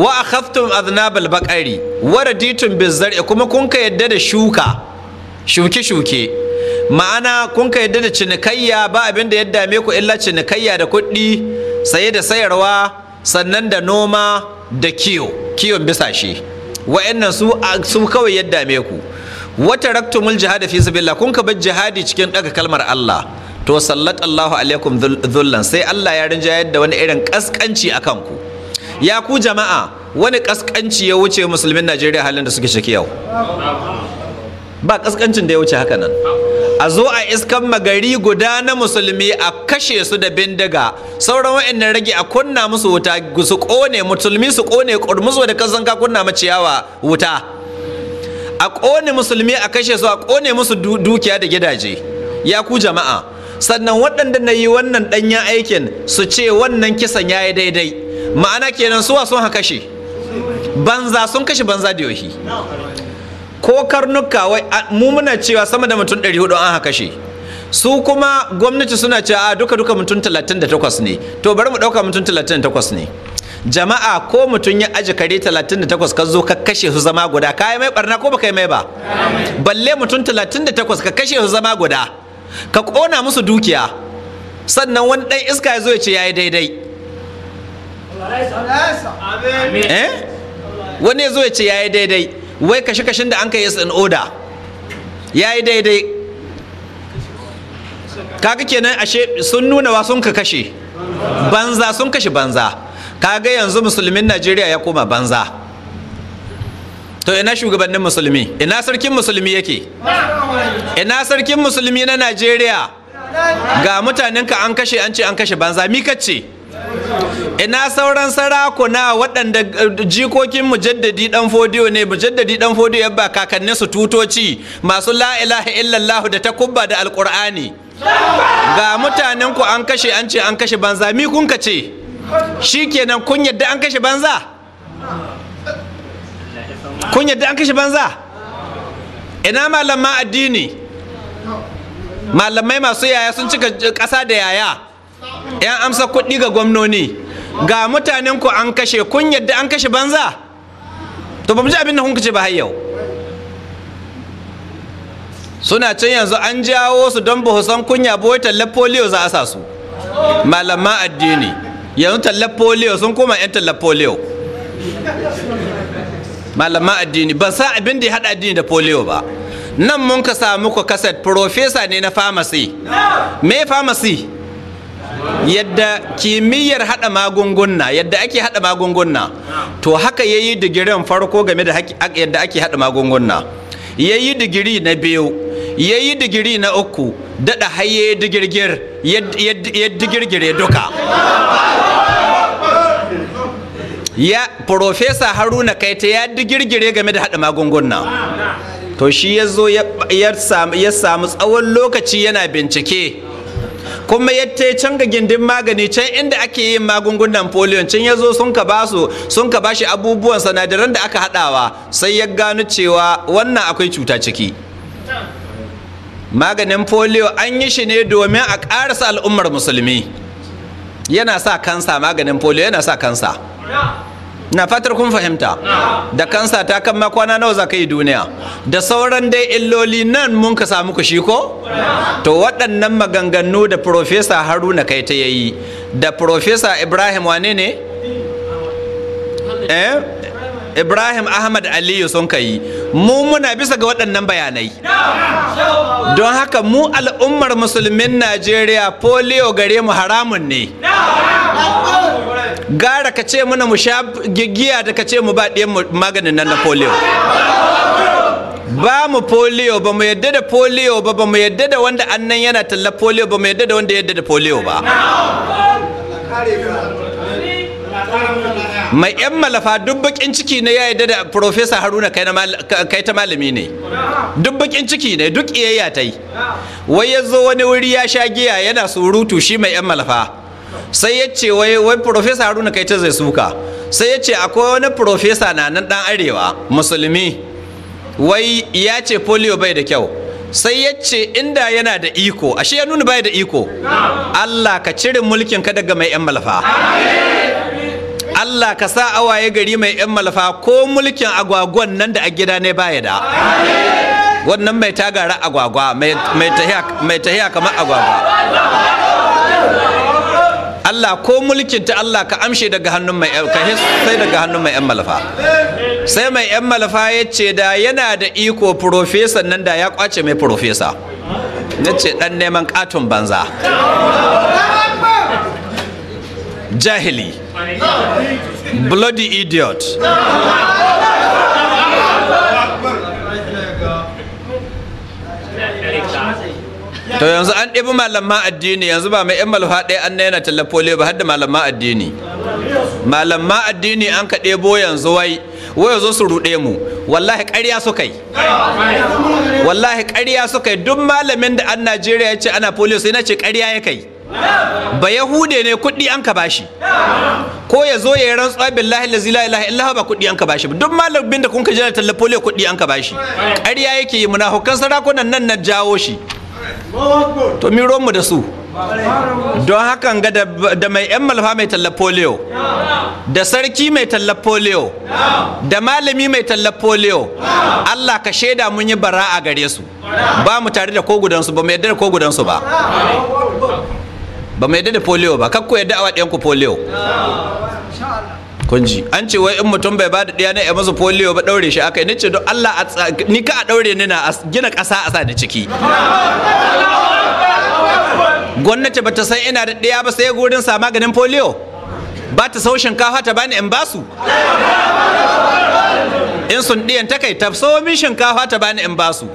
wa akhadtum aznabal baqari wa raditum bil zar'i kuma kun ka yadda da shuka shuke shuke ma'ana kun ka yadda da cinikayya ba abin da ya dame ku illa cinikayya da kuɗi saye da sayarwa sannan da noma da kiyo kiyon shi wa'annan su su kawai yadda me ku wata taraktumul jihad fi sabilillah kun ka bar jihadi cikin daga kalmar Allah to sallallahu alaikum dhullan sai Allah ya rinjayar da wani irin kaskanci akan ku ya ku jama'a wani kaskanci ya wuce musulmin Najeriya halin da suke ciki yau ba kaskancin da ya wuce haka nan a zo a iskan magari guda na musulmi a kashe su da bindiga sauran wa'annan rage a kunna musu wuta su kone musulmi su kone kurmusu da kasan ka kunna maciyawa wuta a kone musulmi a kashe su a kone musu dukiya da gidaje ya ku jama'a sannan waɗanda na yi wannan ɗanyen aikin su ce wannan kisan ya yi daidai ma'ana kenan suwa sun haka kashe banza sun kashe banza da yohi ko karnuka wai mu muna cewa sama da mutum 400 an haka shi su kuma gwamnati suna cewa a duka duka mutum 38 ne to bari mu dauka mutum 38 ne jama'a ko mutum ya aji kare 38 ka zo ka kashe su zama guda ka yi mai barna ko baka yi mai ba balle mutum 38 ka kashe su zama guda ka kona musu dukiya sannan wani dan iska ya zo ya ce ya yi daidai eh? wani ya zo ya ce ya yi daidai wai kashe-kashen da an kai yes in order ya yi daidai kaga kenan ashe sun nuna wa sun ka kashe banza sun kashe banza kaga yanzu musulmin najeriya ya koma banza to ina shugabannin musulmi ina sarkin musulmi yake ina sarkin musulmi na najeriya ga mutanen ka an kashe an ce an kashe banza mi kace ina sauran sarakuna waɗanda eh, jikokin mujaddadi dan fodiyo ne mujaddadi dan fodiyo yabba kakanni su tutoci masu la ilaha illallah da takubba da alqur'ani ga mutanen ku an kashe an ce an kashe banza mi kun ka ce shikenan kun yadda an kashe banza kun yadda an kashe banza ina malaman addini malamai masu yaya sun cika ƙasa da yaya 'yan amsa kuɗi ga gwamnoni ga mutanen ku an kashe kun yadda an kashe banza to ba mu ji abin da kun kace ba har yau suna can yanzu an jawo su don ba san kunya ba wai tallar polio za a sa su Malama addini yanzu tallar polio sun koma 'yan tallar polio malama addini ban san abin da ya haɗa addini da polio ba nan mun ka samu ku kaset profesa ne na famasi me famasi yadda kimiyyar hada magunguna yadda ake hada magunguna to haka ya yi digirin farko game da yadda ake hada magunguna ya yi digiri na biyu ya yi digiri na uku daɗa haye digirgir ya digirgire duka ya profesa haruna kaita ya digirgire game da hada magunguna to shi ya zo ya samu tsawon lokaci yana bincike kuma ya ta can ga gindin magani can inda ake yin magungunan polio can ya zo sun ka su sun ka bashi abubuwan sanadaran da aka haɗawa sai ya gano cewa wannan akwai cuta ciki maganin polio an yi shi ne domin a ƙarasa al'ummar musulmi yana sa kansa maganin polio yana sa kansa na fatar kun fahimta da kansa ta kan kwana nawa za ka yi duniya da sauran dai illoli nan mun ka samu ku shi ko to waɗannan maganganu da profesa haruna kai ta yayi da profesa ibrahim wane ne eh ibrahim ahmad aliyu sun ka yi mu muna bisa ga waɗannan bayanai don haka mu al'ummar musulmin najeriya polio gare mu haramun ne gara ka ce mana mu sha giggiya da ka ce mu ba ɗiyan maganin nan na polio ba mu polio ba mu yadda da polio ba ba mu yadda da wanda annan yana talla polio ba mu yadda da wanda yadda da polio ba mai yan malafa duk bakin ciki ne ya yadda da profesa haruna kai ta malami ne duk bakin ciki ne duk iyayya ta yi wai ya zo wani wuri ya sha giya yana surutu shi mai yan malafa sai ya ce wai wai profesa haruna kai ta zai suka sai ya ce akwai wani profesa na nan dan arewa musulmi wai ya ce polio bai da kyau sai ya ce inda yana da iko ashe ya nuna bai da iko allah ka cire mulkin ka daga mai yan malafa Allah ka sa awaye gari mai yan malafa ko mulkin agwagwan nan da a gida ne baya da wannan mai tagara agwagwa mai tahiya kamar agwagwa Allah ko mulkin ta Allah ka amshe daga hannun mai ka sai daga hannun mai yan malafa sai mai yan malafa ya ce da yana da iko profesa nan da ya kwace mai profesa na ce dan neman katon banza jahili bloody idiot to yanzu an ɗebi malaman addini yanzu ba mai 'yan malfa ɗaya an yana tallafole ba har da addini malaman addini an ka ɗebo yanzu wai wai zo su ruɗe mu wallahi ƙarya su yi wallahi ƙarya su yi duk malamin da an najeriya ya ce ana polio sai na ce ƙarya ya kai ba yahude ne kuɗi an ka bashi ko ya zo ya yi rantsuwa billahi la zila ilaha illah ba kuɗi an ka bashi duk malamin da kun ka jira talla kuɗi an ka bashi ƙarya yake yi munafukan sarakunan nan na jawo shi to mi mu da su don hakan ga da mai yan malfa mai tallar polio da sarki mai tallar polio da malami mai tallar polio Allah ka shaida mun yi bara a gare su ba mu tare da kogudansu ba mai yadda da kogudansu ba ba mu yadda da polio ba kakko yadda a waɗiyanku polio kun ji an ce wai in mutum bai bada ɗaya na ya masa polio ba daure shi yi." ni ce don Allah ni ka a daure ni na gina ƙasa a sa ni ciki gwamnati bata san ina da ɗaya ba sai gurin sa maganin polio ba ta sau shinkafa ta bani in basu in sun ɗiyan ta kai tafso min shinkafa ta bani in basu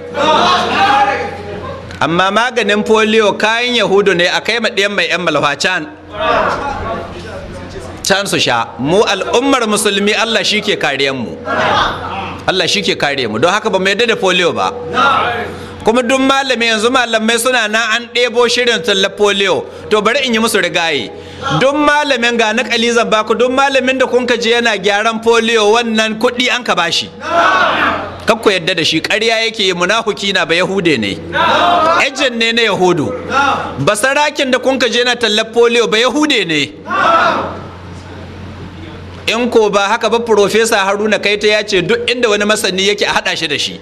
amma maganin polio kayan yahudu ne a kai ma ɗiyan mai yan malfa can can su sha mu al'ummar musulmi Allah shi ke kariyar mu Allah shi ke mu don haka ba mu yadda da polio ba kuma duk malami yanzu malamai suna na an ɗebo shirin tallar polio to bari in yi musu rigaye duk malamin ga na kalizan baku duk malamin da kun je yana gyaran polio wannan kuɗi an ka bashi kakku yadda da shi ƙarya yake munafuki na ba yahude ne ejin ne na yahudu basarakin da kun je yana tallar polio ba yahude ne in ko ba haka ba profesa haruna kaita ya ce duk inda wani masani yake a haɗa shi da shi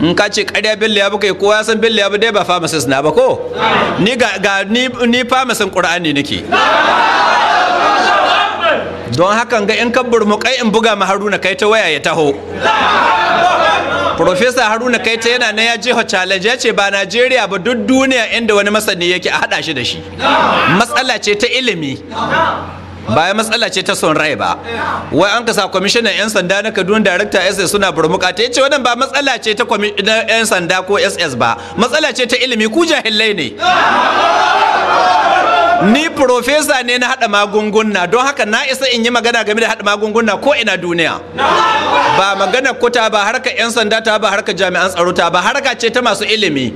in ka ce ƙarya billa ya bukai kowa san billa ya dai ba famasis na ba ko ni ga ni famasin ƙur'ani nake don hakan ga in kabbur mu kai in buga ma haruna kai ta waya ya taho Profesa Haruna kai ta yana na ya jeho challenge ya ce ba Najeriya ba duk duniya inda wani masani yake a haɗa shi da shi. Matsala ce ta ilimi. Ba ya matsala ce ta son rai ba. Wai an kasa kwamishinan 'yan sanda na Kaduna Darakta SS suna burmuka ta ce wannan ba matsala ce ta 'yan sanda ko SS ba. Matsala ce ta ilimi ku jahilai ne. ni profesa ne na hada magunguna don haka na isa in yi magana game da hada magunguna ko ina duniya ba magana kuta ba harka 'yan sanda ta ba harka jami'an tsaro ta ba harka ce ta masu ilimi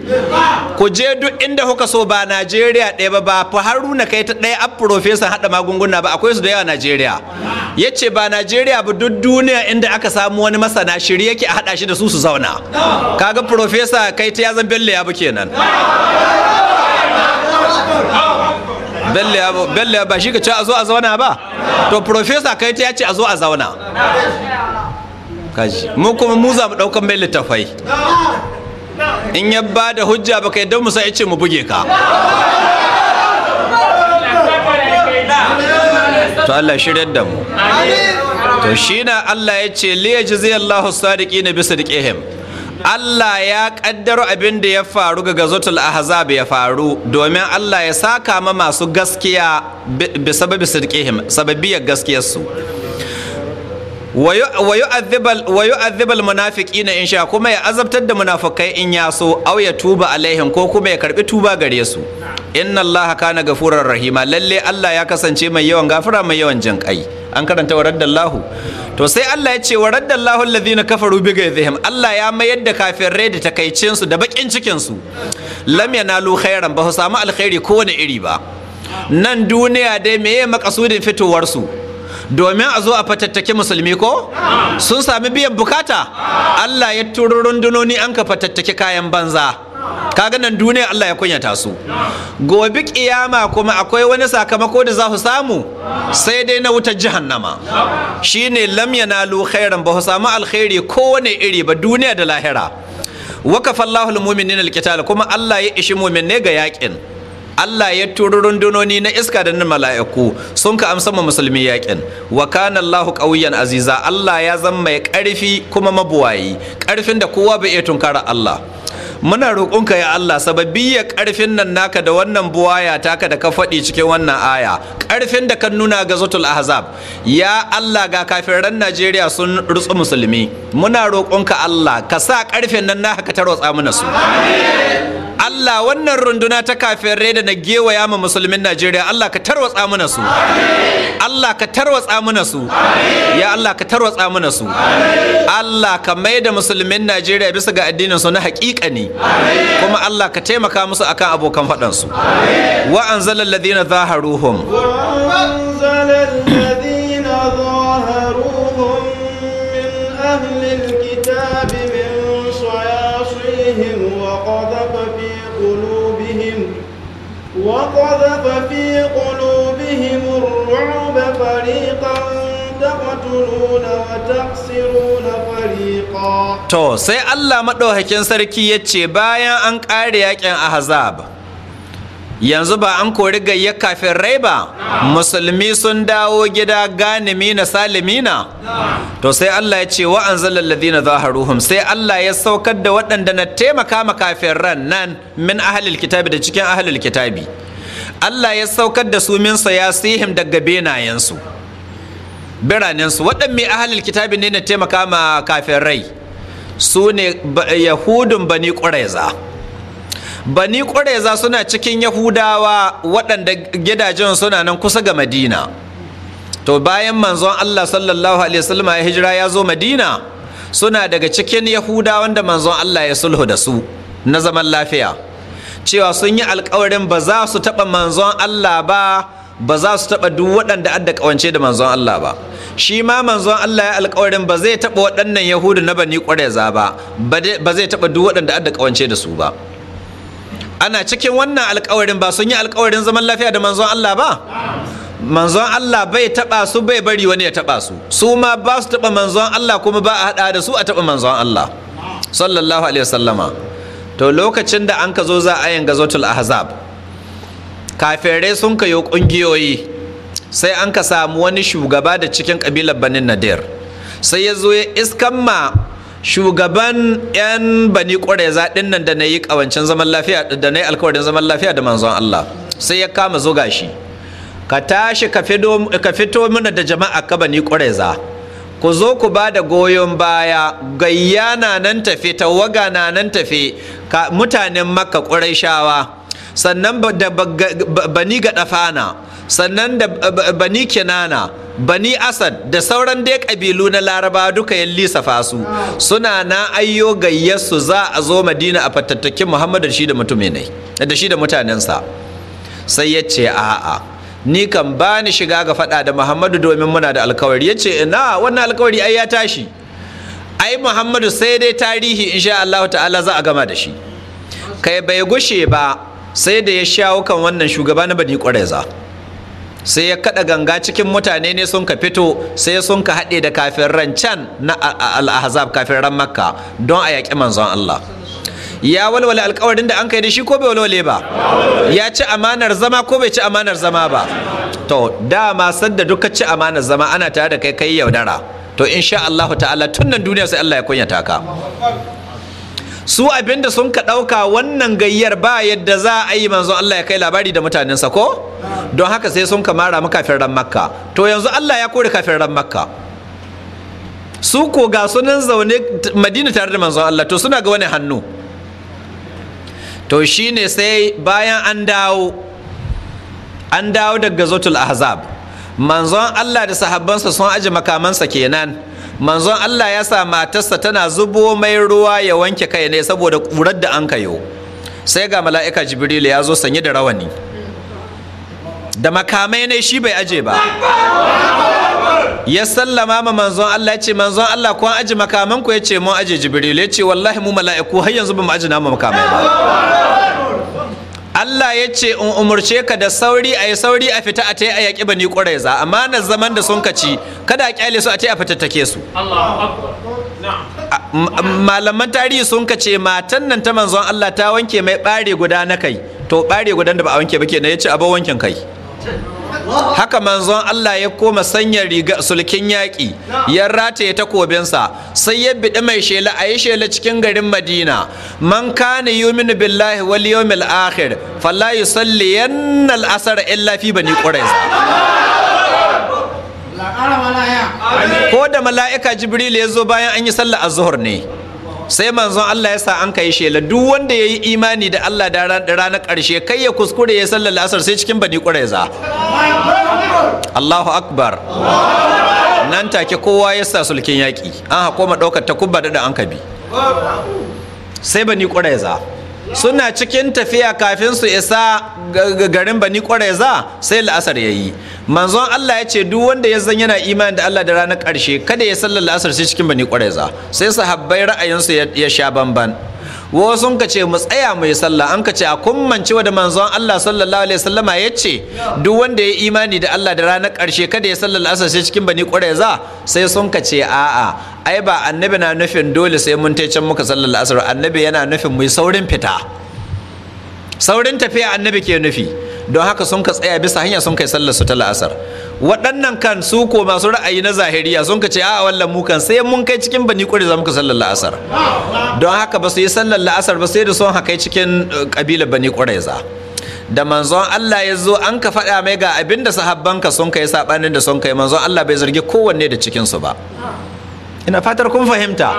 ku je duk inda kuka so ba najeriya ɗaya ba ba fa haruna kai ta ɗaya ab profesa hada magunguna ba akwai su da yawa najeriya yace ba najeriya ba duk duniya inda aka samu wani masana shiri yake a hada shi da su su zauna kaga profesa kai ta ya zan bello ya ba kenan bello ya ba shi ka ce a zo a zauna ba to profesa kai ta ya ce a zo a zauna kaji mu kuma mu za mu daukan mai littafai in ya ba da hujja ba kai don mu sai ce mu buge ka to Allah shirya da mu to shi na Allah ya ce liya na sadiqina bi sadiqihim Allah ya kaddaro abin da ya faru ga gazotul ahzab ya faru domin Allah ya saka ma masu gaskiya bi sababi sirkihim sababiyar gaskiyar su wa yu'adhibal munafiqina insha kuma ya azabtar da munafikai in ya so aw ya tuba alaihim ko kuma ya karbi tuba gare su inna Allah kana gafurar rahima lalle Allah ya kasance mai yawan gafara mai yawan jinkai an karanta wa raddallahu to sai Allah ya ce wa raddallahu allazina kafaru bi ghaizihim Allah ya mayar da kafirai da takaicin su da bakin cikin su lam yanalu khairan ba su samu alkhairi wani iri ba nan duniya dai me yake makasudin fitowar su domin a zo a fatattake musulmi ko sun sami biyan bukata Allah ya turo rundunoni an ka fatattake kayan banza kaga nan duniya Allah ya kunyata su gobe kiyama kuma akwai wani sakamako da za su samu sai dai na wutar jahannama shine lam yanalu khairan ba su samu alkhairi kowane iri ba duniya da lahira wakafa Allahul mu'minin alqital kuma Allah ya ishi mu'minne ga yakin Allah ya turi rundunoni na iska da na mala'iku sun ka amsa ma musulmi yakin wa kana Allahu qawiyan aziza Allah ya zama mai karfi kuma mabuwayi karfin da kowa bai iya tunkara Allah muna roƙonka ya Allah sababbi ya ƙarfin nan naka da wannan buwaya taka da ka faɗi cikin wannan aya ƙarfin da kan nuna ga zutul ahzab ya Allah ga kafiran Najeriya sun rutsu musulmi muna roƙonka Allah ka sa ƙarfin nan naka ka tarwatsa mana su Allah wannan runduna ta kafirai da na gewaya ma musulmin Najeriya Allah ka tarwatsa mana su Allah ka tarwatsa mana su ya Allah ka tarwatsa mana su Allah ka mai da musulmin Najeriya bisa ga addinin su na haƙiƙa ne kuma Allah ka taimaka musu akan abokan faɗansu. su wa anzalal ladina zaharuhum wa anzalal ladina تخسرون فريقا تو سي الله مدوهكين سركي يتشي بايا ƙare قاري Ahazab, yanzu ba an kori gayyar kafin rai ba musulmi sun dawo gida ganimi na salimina to sai Allah ya ce wa'an zalalladina zaharuhum sai Allah ya saukar da waɗanda na taimaka ma kafin ran nan min ahalil kitabi da cikin ahalil kitabi Allah ya saukar da su min sayasihim daga benayensu biranensu waɗanne mai kitabin ne na taimaka ma kafin rai su ne yahudun bani ƙureza bani ƙureza suna cikin yahudawa waɗanda gidajen suna nan kusa ga madina to bayan manzon allah sallallahu alaihi wasallam ya hijira ya zo madina suna daga cikin Yahudawa wanda manzon allah ya sulhu da su na zaman lafiya cewa sun yi alkawarin ba za su taɓa manzon allah ba ba za su taɓa duk waɗanda adda ƙawance da manzon Allah ba shi ma manzon Allah ya alƙawarin ba zai taɓa waɗannan yahudu na bani ƙwareza ba ba zai taɓa duk waɗanda adda ƙawance da su ba ana cikin wannan alƙawarin ba sun yi alƙawarin zaman lafiya da manzon Allah ba manzon Allah bai taɓa su bai bari wani ya taɓa su su ma ba su taɓa manzon Allah kuma ba a haɗa da su a taɓa manzon Allah sallallahu alaihi wasallama to lokacin da an ka zo za a yin gazotul ahzab kafirai sun kayo ƙungiyoyi sai an ka samu wani shugaba da cikin kabilar banin nadir sai ya zo ya iskan ma shugaban 'yan bani ƙwareza ɗin nan da na yi ƙawancin zaman lafiya da na yi alkawarin zaman lafiya da manzon Allah sai ya kama zo gashi ka tashi ka fito mana da jama'a ka bani ƙwareza ku zo ku ba da goyon baya gayyana na nan tafe tawaga na nan tafe mutanen makka ƙwarai shawa sannan da bani ga ɗafana sannan da bani kinana bani asad da sauran dai ƙabilu na laraba duka ya lisafa su suna na ayyo gayyarsu za a zo madina a fatattakin muhammadu shi da da shi da mutanensa sai ya ce a'a ni kan ba ni shiga ga faɗa da muhammadu domin muna da alkawari ya ce ina wannan alkawari ai ya tashi ai muhammadu sai dai tarihi insha allahu ta'ala za a gama da shi kai bai gushe ba sai da ya shawo kan wannan shugaba na bani ƙwareza sai ya kada ganga cikin mutane ne sun ka fito sai sun ka haɗe da kafin ran can na al'ahazab kafin ran makka don a yaƙi manzon Allah ya walwale alkawarin da an kai da shi ko bai walwale ba ya ci amanar zama ko bai ci amanar zama ba to dama sadda duka ci amanar zama ana tare da kai kai yaudara to insha Allah ta'ala tun duniya sai Allah ya kunya ka su abinda sun ka ɗauka wannan gayyar ba yadda za a yi manzo Allah ya kai labari da mutanensa ko don haka sai sun ka mara kafin ran makka to yanzu Allah ya kore kafin ran makka su ko ga sunan zaune madina tare da manzo Allah to suna ga wani hannu to shine sai bayan an dawo an dawo daga zotul ahzab manzon Allah da sahabbansa sun ajiye makamansa kenan manzon Allah ya sa matarsa tana zubo mai ruwa ya wanke kai ne saboda kurar da an kayo sai ga mala'ika jibril ya zo sanye da rawani da makamai ne shi bai aje ba ya sallama ma manzon Allah ya ce manzon Allah kun aji makaman ku ya ce mun aje jibril ya ce wallahi mu mala'iku har yanzu ba mu aji namu makamai ba Allah ya ce in umarce ka da sauri a yi sauri a fita a ta yi a yaƙi bani za amma na zaman da sun ka ci kada a ƙyale su a ta yi a fitattake su malaman tarihi sun ka ce matan nan ta manzon Allah ta wanke mai ɓare guda na kai to ɓare gudan da ba a wanke ba ke na ya ce abin wankin kai haka manzon Allah ya koma sanya riga sulkin yaƙi ya rataye takobinsa sai ya biɗi mai shela a yi shela cikin garin Madina man kana yuminu billahi wal yawmil akhir falla yusalli yannal asar illa fi bani quraiza ko da mala'ika jibril ya zo bayan an yi sallah a zuhur ne sai manzon Allah ya sa an kai shela duk wanda ya yi imani da Allah da ranar ƙarshe kai ya kuskure ya sallar asar sai cikin bani ƙuraiza Allahu akbar nan take kowa ya sa sulkin yaƙi an hako ma ɗaukar takubba da an bi. sai bani ƙuraiza suna cikin tafiya kafin su isa garin bani ƙwareza sai la'asar ya yi manzon Allah ya ce duk wanda ya zan yana imani da Allah da ranar ƙarshe kada ya sallar la'asar sai cikin bani ƙwareza sai sahabbai ra'ayinsu ya sha bamban wa sun ka ce mu tsaya mu yi sallah an ka ce a kummanci wa da manzon Allah sallallahu alaihi wasallama ya ce duk wanda ya imani da Allah da ranar karshe kada ya sallar asar sai cikin bani ƙureza sai sun ka ce a'a ai ba annabi na nufin dole sai mun ta can muka sallar asar annabi yana nufin mu yi saurin fita saurin tafiya annabi ke nufi don haka sun ka tsaya bisa hanya sun kai sallar su ta la'asar waɗannan kan su ko masu ra'ayi na zahiriya sun ka ce a wallan mu kan sai mun kai cikin bani kuri za muka sallar la'asar don haka ba su yi sallar la'asar ba sai da sun haka cikin kabilar eh, bani kuraiza da manzon Allah ya zo an ka faɗa mai ga abin da sahabbanka sun kai saɓanin da sun kai manzon Allah bai zargi kowanne da cikinsu ba ina fatar kun fahimta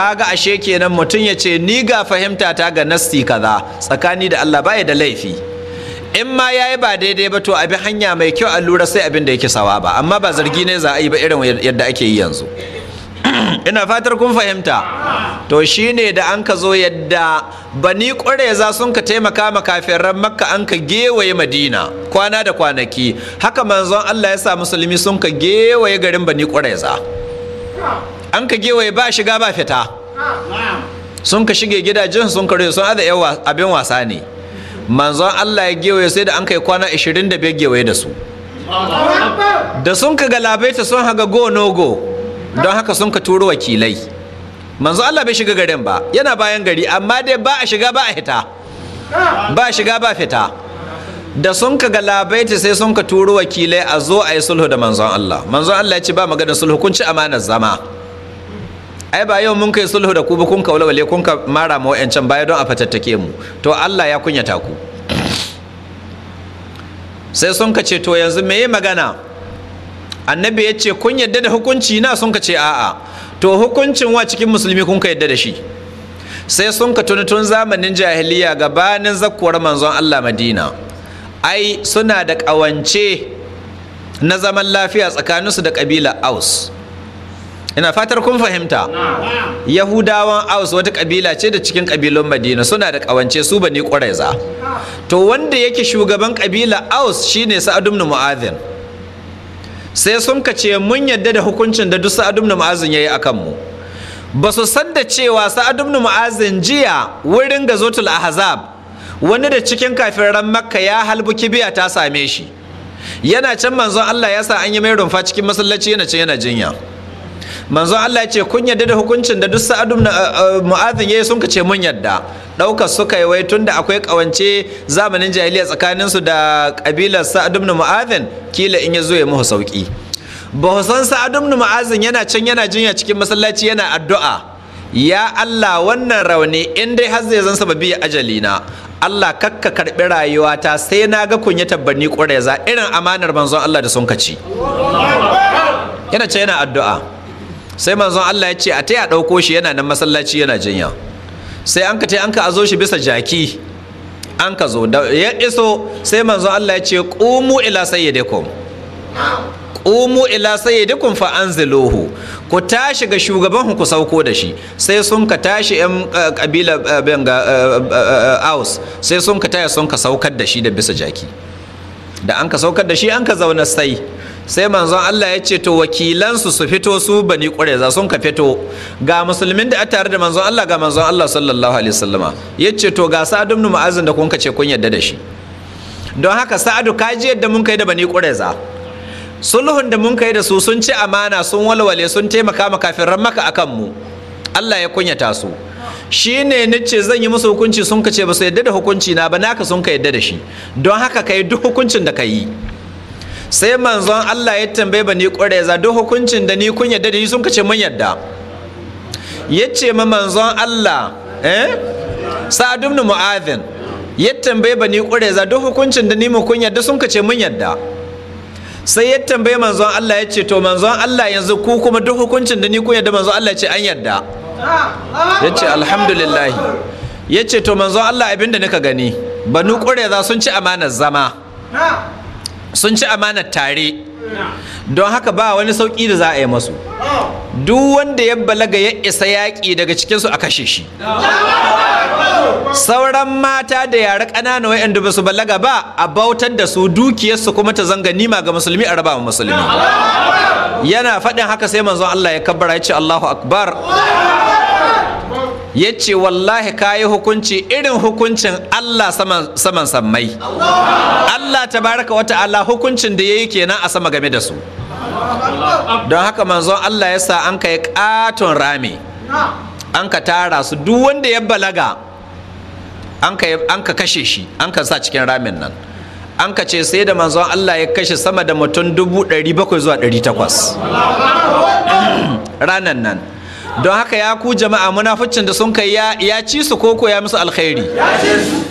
kaga ashe kenan mutum ya ce ni ga fahimta ta ga nasti kaza tsakani da Allah baya da laifi in ma ya yi ba daidai ba to abin hanya mai kyau allura sai abin da yake sawa ba amma ba zargi ne za a yi ba irin yadda ake yi yanzu ina fatar kun fahimta to shi ne da an ka zo yadda ba bani za sun ka taimaka ma ran makka an ka gewaye madina kwana da kwanaki haka manzon allah ya sa musulmi sun ka gewaye garin ba bani za an ka gewaye ba shiga ba fita sun ka shige gidajen sun kare sun abin wasa ne manzon Allah ya gewaye sai da an kai kwana 25 gewaye da su da sun ka ta sun haga go no go don haka sun ka turo wakilai manzon Allah bai shiga garin ba yana bayan gari amma dai ba a shiga ba a fita ba a shiga ba fita da sun ka ta sai sun ka turo wakilai a zo a yi sulhu da manzon Allah manzon Allah ya ce ba magana sulhu kun ci amanar zama ai ba yau mun kai sulhu da ku ba kun ka walwale kun ka mara ma wayancan baya don a fatattake mu to Allah ya kunyata ku sai sun ka ce to yanzu me magana annabi ya ce kun yadda da hukunci na sun ka ce a'a to hukuncin wa cikin musulmi kun ka yadda da shi sai sun ka tuni tun zamanin jahiliya gabanin zakkuwar manzon Allah Madina ai suna da ƙawance na zaman lafiya tsakaninsu da ƙabilar Aus ina fatar kun fahimta yahudawan aus wata kabila ce da cikin kabilun madina suna da kawance su bani ƙwaraiza to wanda yake shugaban kabila aus shine sa'adun na mu'azin sai sun kace mun yadda da hukuncin da duk na ya yi yi a mu ba su san da cewa sa'adun na mu'azin jiya wurin ga gazotul ahazab wani da cikin kafiran makka ya halbuki biya ta same shi yana can manzon Allah ya sa an yi mai rumfa cikin masallaci yana can yana jinya manzon Allah ya ce kun yarda da hukuncin da duk na eh, eh, mu'adhin yayi sun kace mun yarda. daukar suka yi wai da akwai kawance zamanin jahiliya tsakanin su da kabilar na mu'adhin kila in ya zo ya muhu sauki ba san na mu'adhin yana can yana jinya cikin masallaci yana addu'a ya Allah wannan rauni in dai har zai zan sababi ajali na Allah kakka karɓi rayuwata sai na ga kunya tabbani za irin amanar manzon Allah da sun kaci yana ce yana addu'a sai manzon Allah ya ce a taya ɗauko shi yana nan masallaci yana jinya sai an ka yi an ka azo shi bisa jaki an ka zo da ya iso sai manzon Allah ya ce ƙumu ila sayyidikum qumu ila sayyidikum fa anziluhu ku tashi ga shugaban ku sauko da shi sai sun ka tashi yan kabila eh, eh, benga eh, aus sai sun ka taya sun ka saukar da shi da bisa jaki da an ka saukar da shi an ka zauna sai sai manzon Allah ya ce to wakilansu su fito su bani za sun ka fito ga musulmin da a tare da manzon Allah ga manzon Allah sallallahu alaihi wasallama ya ce to ga sa'adu ibn mu'azin da kun ce kun yadda da shi don haka sa'adu ka ji yadda mun kai da bani za sulhun da mun kai da su sun ci amana sun walwale sun taimaka ma ran maka akan mu Allah ya kunyata su Shi ne ce zan yi musu hukunci sun ka ce ba su yadda da hukunci na ba naka sun ka yadda da shi don haka ka yi duk hukuncin da ka yi sai manzon Allah ya tambaye bani za duk hukuncin da ni kun yadda da ni sun kace mun yadda ya ce ma manzon Allah eh sa'ad ibn mu'adhin ya tambaye bani za duk hukuncin da ni mu kun yadda sun kace mun yadda sai ya tambaye manzon Allah ya ce to manzon Allah yanzu ku kuma duk hukuncin da ni kun yadda manzon Allah ya ce an yadda ya ce alhamdulillah ya ce to manzon Allah abinda nika gani banu za sun ci amanar zama sun ci amanar tare don haka ba wani sauƙi da za a yi masu duk wanda ya balaga ya isa yaƙi daga cikinsu a kashe shi sauran mata da yare ƙanana wa'anda ba su balaga ba a bautar da su dukiyarsu kuma ta zanga nima ga musulmi a raba musulmi yana faɗin haka sai manzon Allah ya kabbara ya ce Allahu akbar ya ce wallahi ka yi hukunci irin hukuncin Allah saman sammai Allah ta baraka wata Allah hukuncin da ya yi kenan a sama game da su don haka manzon Allah ya sa an ka katon rami an ka tara su duk wanda ya balaga an ka kashe shi an ka sa cikin ramin nan an ka ce sai da manzon Allah ya kashe sama da mutum dubu ɗari bakwai zuwa ɗari ranan nan don haka ya ku jama'a munafucin da sun kai ya ci su koko ya musu alkhairi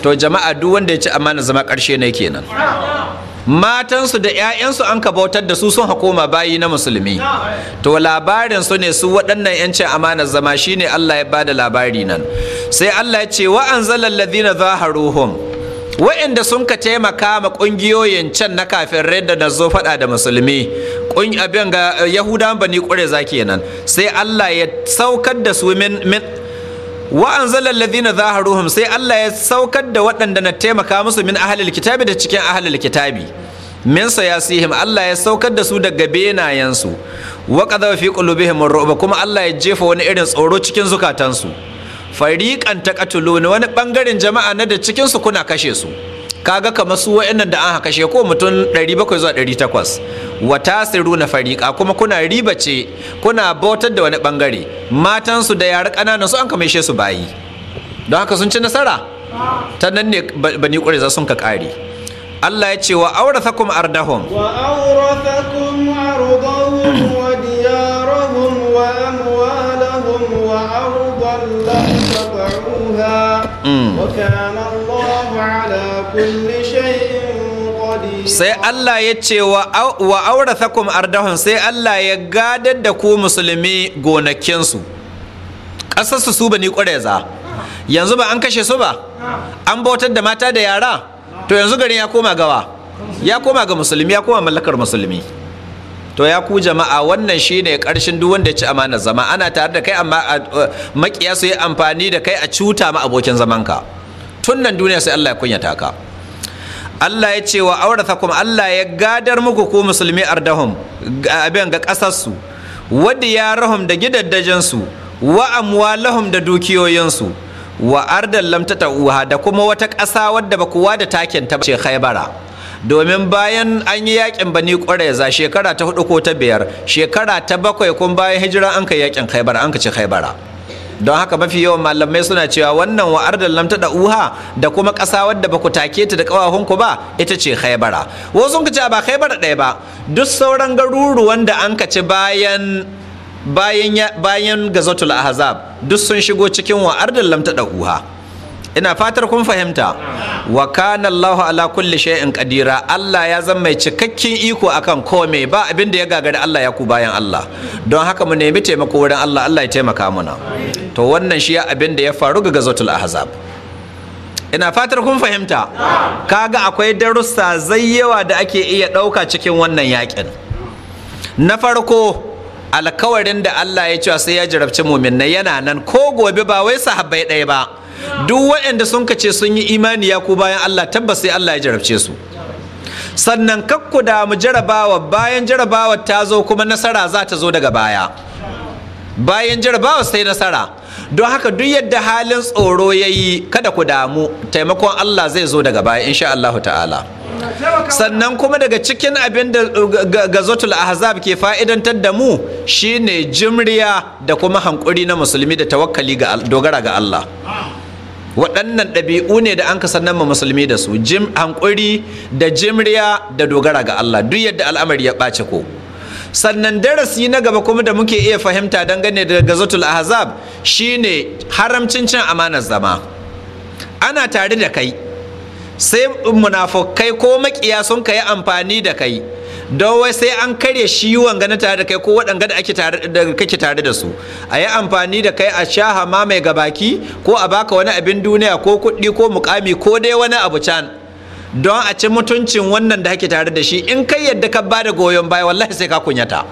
to jama'a duk wanda ya ci amana zama karshe ne kenan matansu da 'ya'yansu an ka bautar da su sun hakoma bayi na musulmi to labarin su ne su waɗannan 'yancin amanar zama shine Allah ya bada labari nan sai Allah ya ce wa anzalal ladina zaharuhum Wa'inda sun ka taimaka ma ƙungiyoyin can na kafin kafirai da na zo faɗa da musulmi abin ga yahudan bani za kenan sai allah ya saukar da su min wa anzalal ladina zaharuhum sai allah ya saukar da waɗanda na taimaka musu min ahlil kitabi da cikin ahlil kitabi min sayasihim Allah ya saukar da su daga benayensu wa qadawa fi qulubihim ru'ba kuma Allah ya jefa wani irin tsoro cikin zukatansu ta fariƙan katulu ne wani ɓangaren jama'a na da cikinsu kuna kashe su kaga kamar su wa'annan da an kashe ko mutum 700 zuwa 800 wa na fariƙa kuma kuna riba ce kuna bautar da wani ɓangare. matansu da yara ƙananan su an shi su bayi don haka sun ci nasara ta nan ne bani ƙuriza sun ka ƙari Allah ya ce wa aurathakum ardahum wa wa diyarahum Mm. sai Allah ya ce wa aurathakum ardahun sai Allah ya gadar da ku musulmi gonakinsu ƙasarsu su bani ƙwareza yanzu ba an kashe su ba an bautar da mata da yara to yanzu garin ya koma gawa ya koma ga musulmi ya koma mallakar musulmi to ya ku jama'a wannan shine karshen duk wanda ya ci amana zama ana tare da kai amma makiya su yi amfani da kai a cuta ma abokin zamanka tun nan duniya sai Allah ya kunyata ka Allah ya ce wa aurathakum Allah ya gadar muku ku musulmi ardahum abin ga kasar su wadi yarahum da gidaddajin su wa amwalahum da dukiyoyin su wa ardal lam tata'uha da kuma wata ƙasa wadda ba kowa da takin ta ce khaybara domin bayan an yi yakin bani ƙwareza shekara ta hudu ko ta biyar shekara ta bakwai kun bayan hijira an ka yakin khaibara an ka ci khaibara don haka mafi yawan malamai suna cewa wannan wa'ardar da lam uha da kuma ƙasa wadda ba ku take ta da kawahun ku ba ita ce khaibara wasu ka ce ba khaibara ɗaya ba duk sauran garuruwan da an ka ci bayan bayan bayan gazatul ahzab duk sun shigo cikin wa'ardar da lamta uha ina fatar kun fahimta wa kana Allah ala kulli shay'in qadira Allah ya zama mai cikakken iko akan kome ba abin da ya gagari Allah ya ku bayan Allah don haka mu nemi taimako wurin Allah Allah ya taimaka muna to wannan shi abin da ya faru ga gazatul ahzab ina fatar kun fahimta kaga akwai darussa zayyawa da ake iya ɗauka cikin wannan yakin na farko alkawarin da Allah ya cewa sai ya jarabci muminai yana nan ko gobe ba wai sahabbai ɗaya ba duk waɗanda sun kace sun yi imani ya ku bayan Allah tabbas sai Allah ya jarabce su sannan kakku da mu jarabawa bayan jarabawa ta zo kuma nasara za ta zo daga baya bayan jarabawa sai nasara don haka duk yadda halin tsoro ya yi kada ku damu taimakon Allah zai zo daga baya insha Allah ta'ala sannan kuma daga cikin abin da gazotul ahzab ke fa'idantar da mu shine jimriya da kuma hankuri na musulmi da tawakkali ga dogara ga Allah waɗannan ɗabi'u ne da an ka sannan ma musulmi da su jim hankuri da jimriya da dogara ga Allah duk yadda al'amari ya ɓace ko sannan darasi na gaba kuma da muke iya fahimta dangane da gazatul ahzab shine haramcin cin amanar zama ana tare da kai sai munafukai ko makiya sun kai amfani da kai don wai sai an karya shi wanga na tare da kai ko waɗanga da kake tare da su a yi amfani da kai a sha hama mai gabaki ko a baka wani abin duniya ko kuɗi ko mukami ko dai wani abu can don a ci mutuncin wannan da kake tare da shi in kai yadda ka bada goyon baya wallahi sai ka kunyata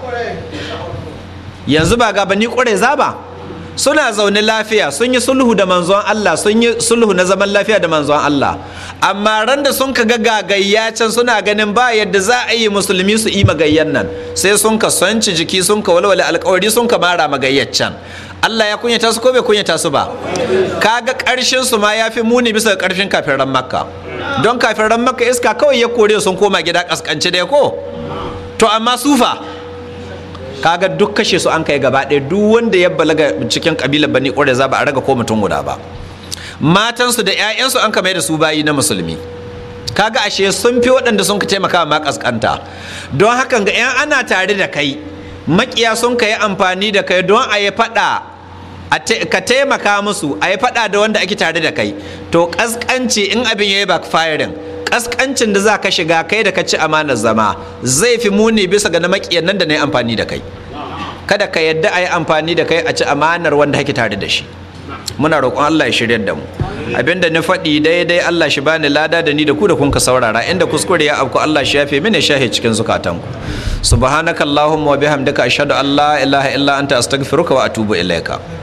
yanzu ba gaba ni ƙure za ba suna zaune lafiya sun yi sulhu da manzon Allah sun yi sulhu na zaman lafiya da manzon Allah amma randa da sun ka ga gagayya can suna ganin ba yadda za a yi musulmi su yi magayyan nan sai sun ka sanci jiki sun ka walwale alkawari sun ka mara magayyar can Allah ya kunyata su ko bai kunyata su ba kaga karshen su ma yafi muni bisa karfin kafiran makka don kafiran makka iska kawai ya kore sun koma gida kaskance da ko to amma sufa kaga duk kashe su an kai gaba ɗaya duk wanda ya balaga cikin kabilar bani za ba a raga ko mutum guda ba matansu da 'ya'yansu an kamar da su bayi na musulmi kaga ashe sun fi waɗanda sun ka taimaka ma kaskanta don hakan ga 'yan ana tare da kai makiya sun ka yi amfani da kai don a yi faɗa ka taimaka musu a yi faɗa da wanda ake tare da kai to kaskanci in abin ya yi backfiring kaskancin da za ka shiga kai da ka ci amanar zama zai fi muni bisa ga na makiyan nan da na yi amfani da kai kada ka yadda a yi amfani da kai a ci amanar wanda haki tare da shi muna roƙon Allah ya shirya da mu abinda na faɗi daidai Allah shi bani lada da ni da ku da kun ka saurara inda kuskure ya afku Allah shi yafe mini shahe cikin ku subhanakallahumma wa bihamdika ashhadu an la ilaha illa anta astaghfiruka wa atubu ilaika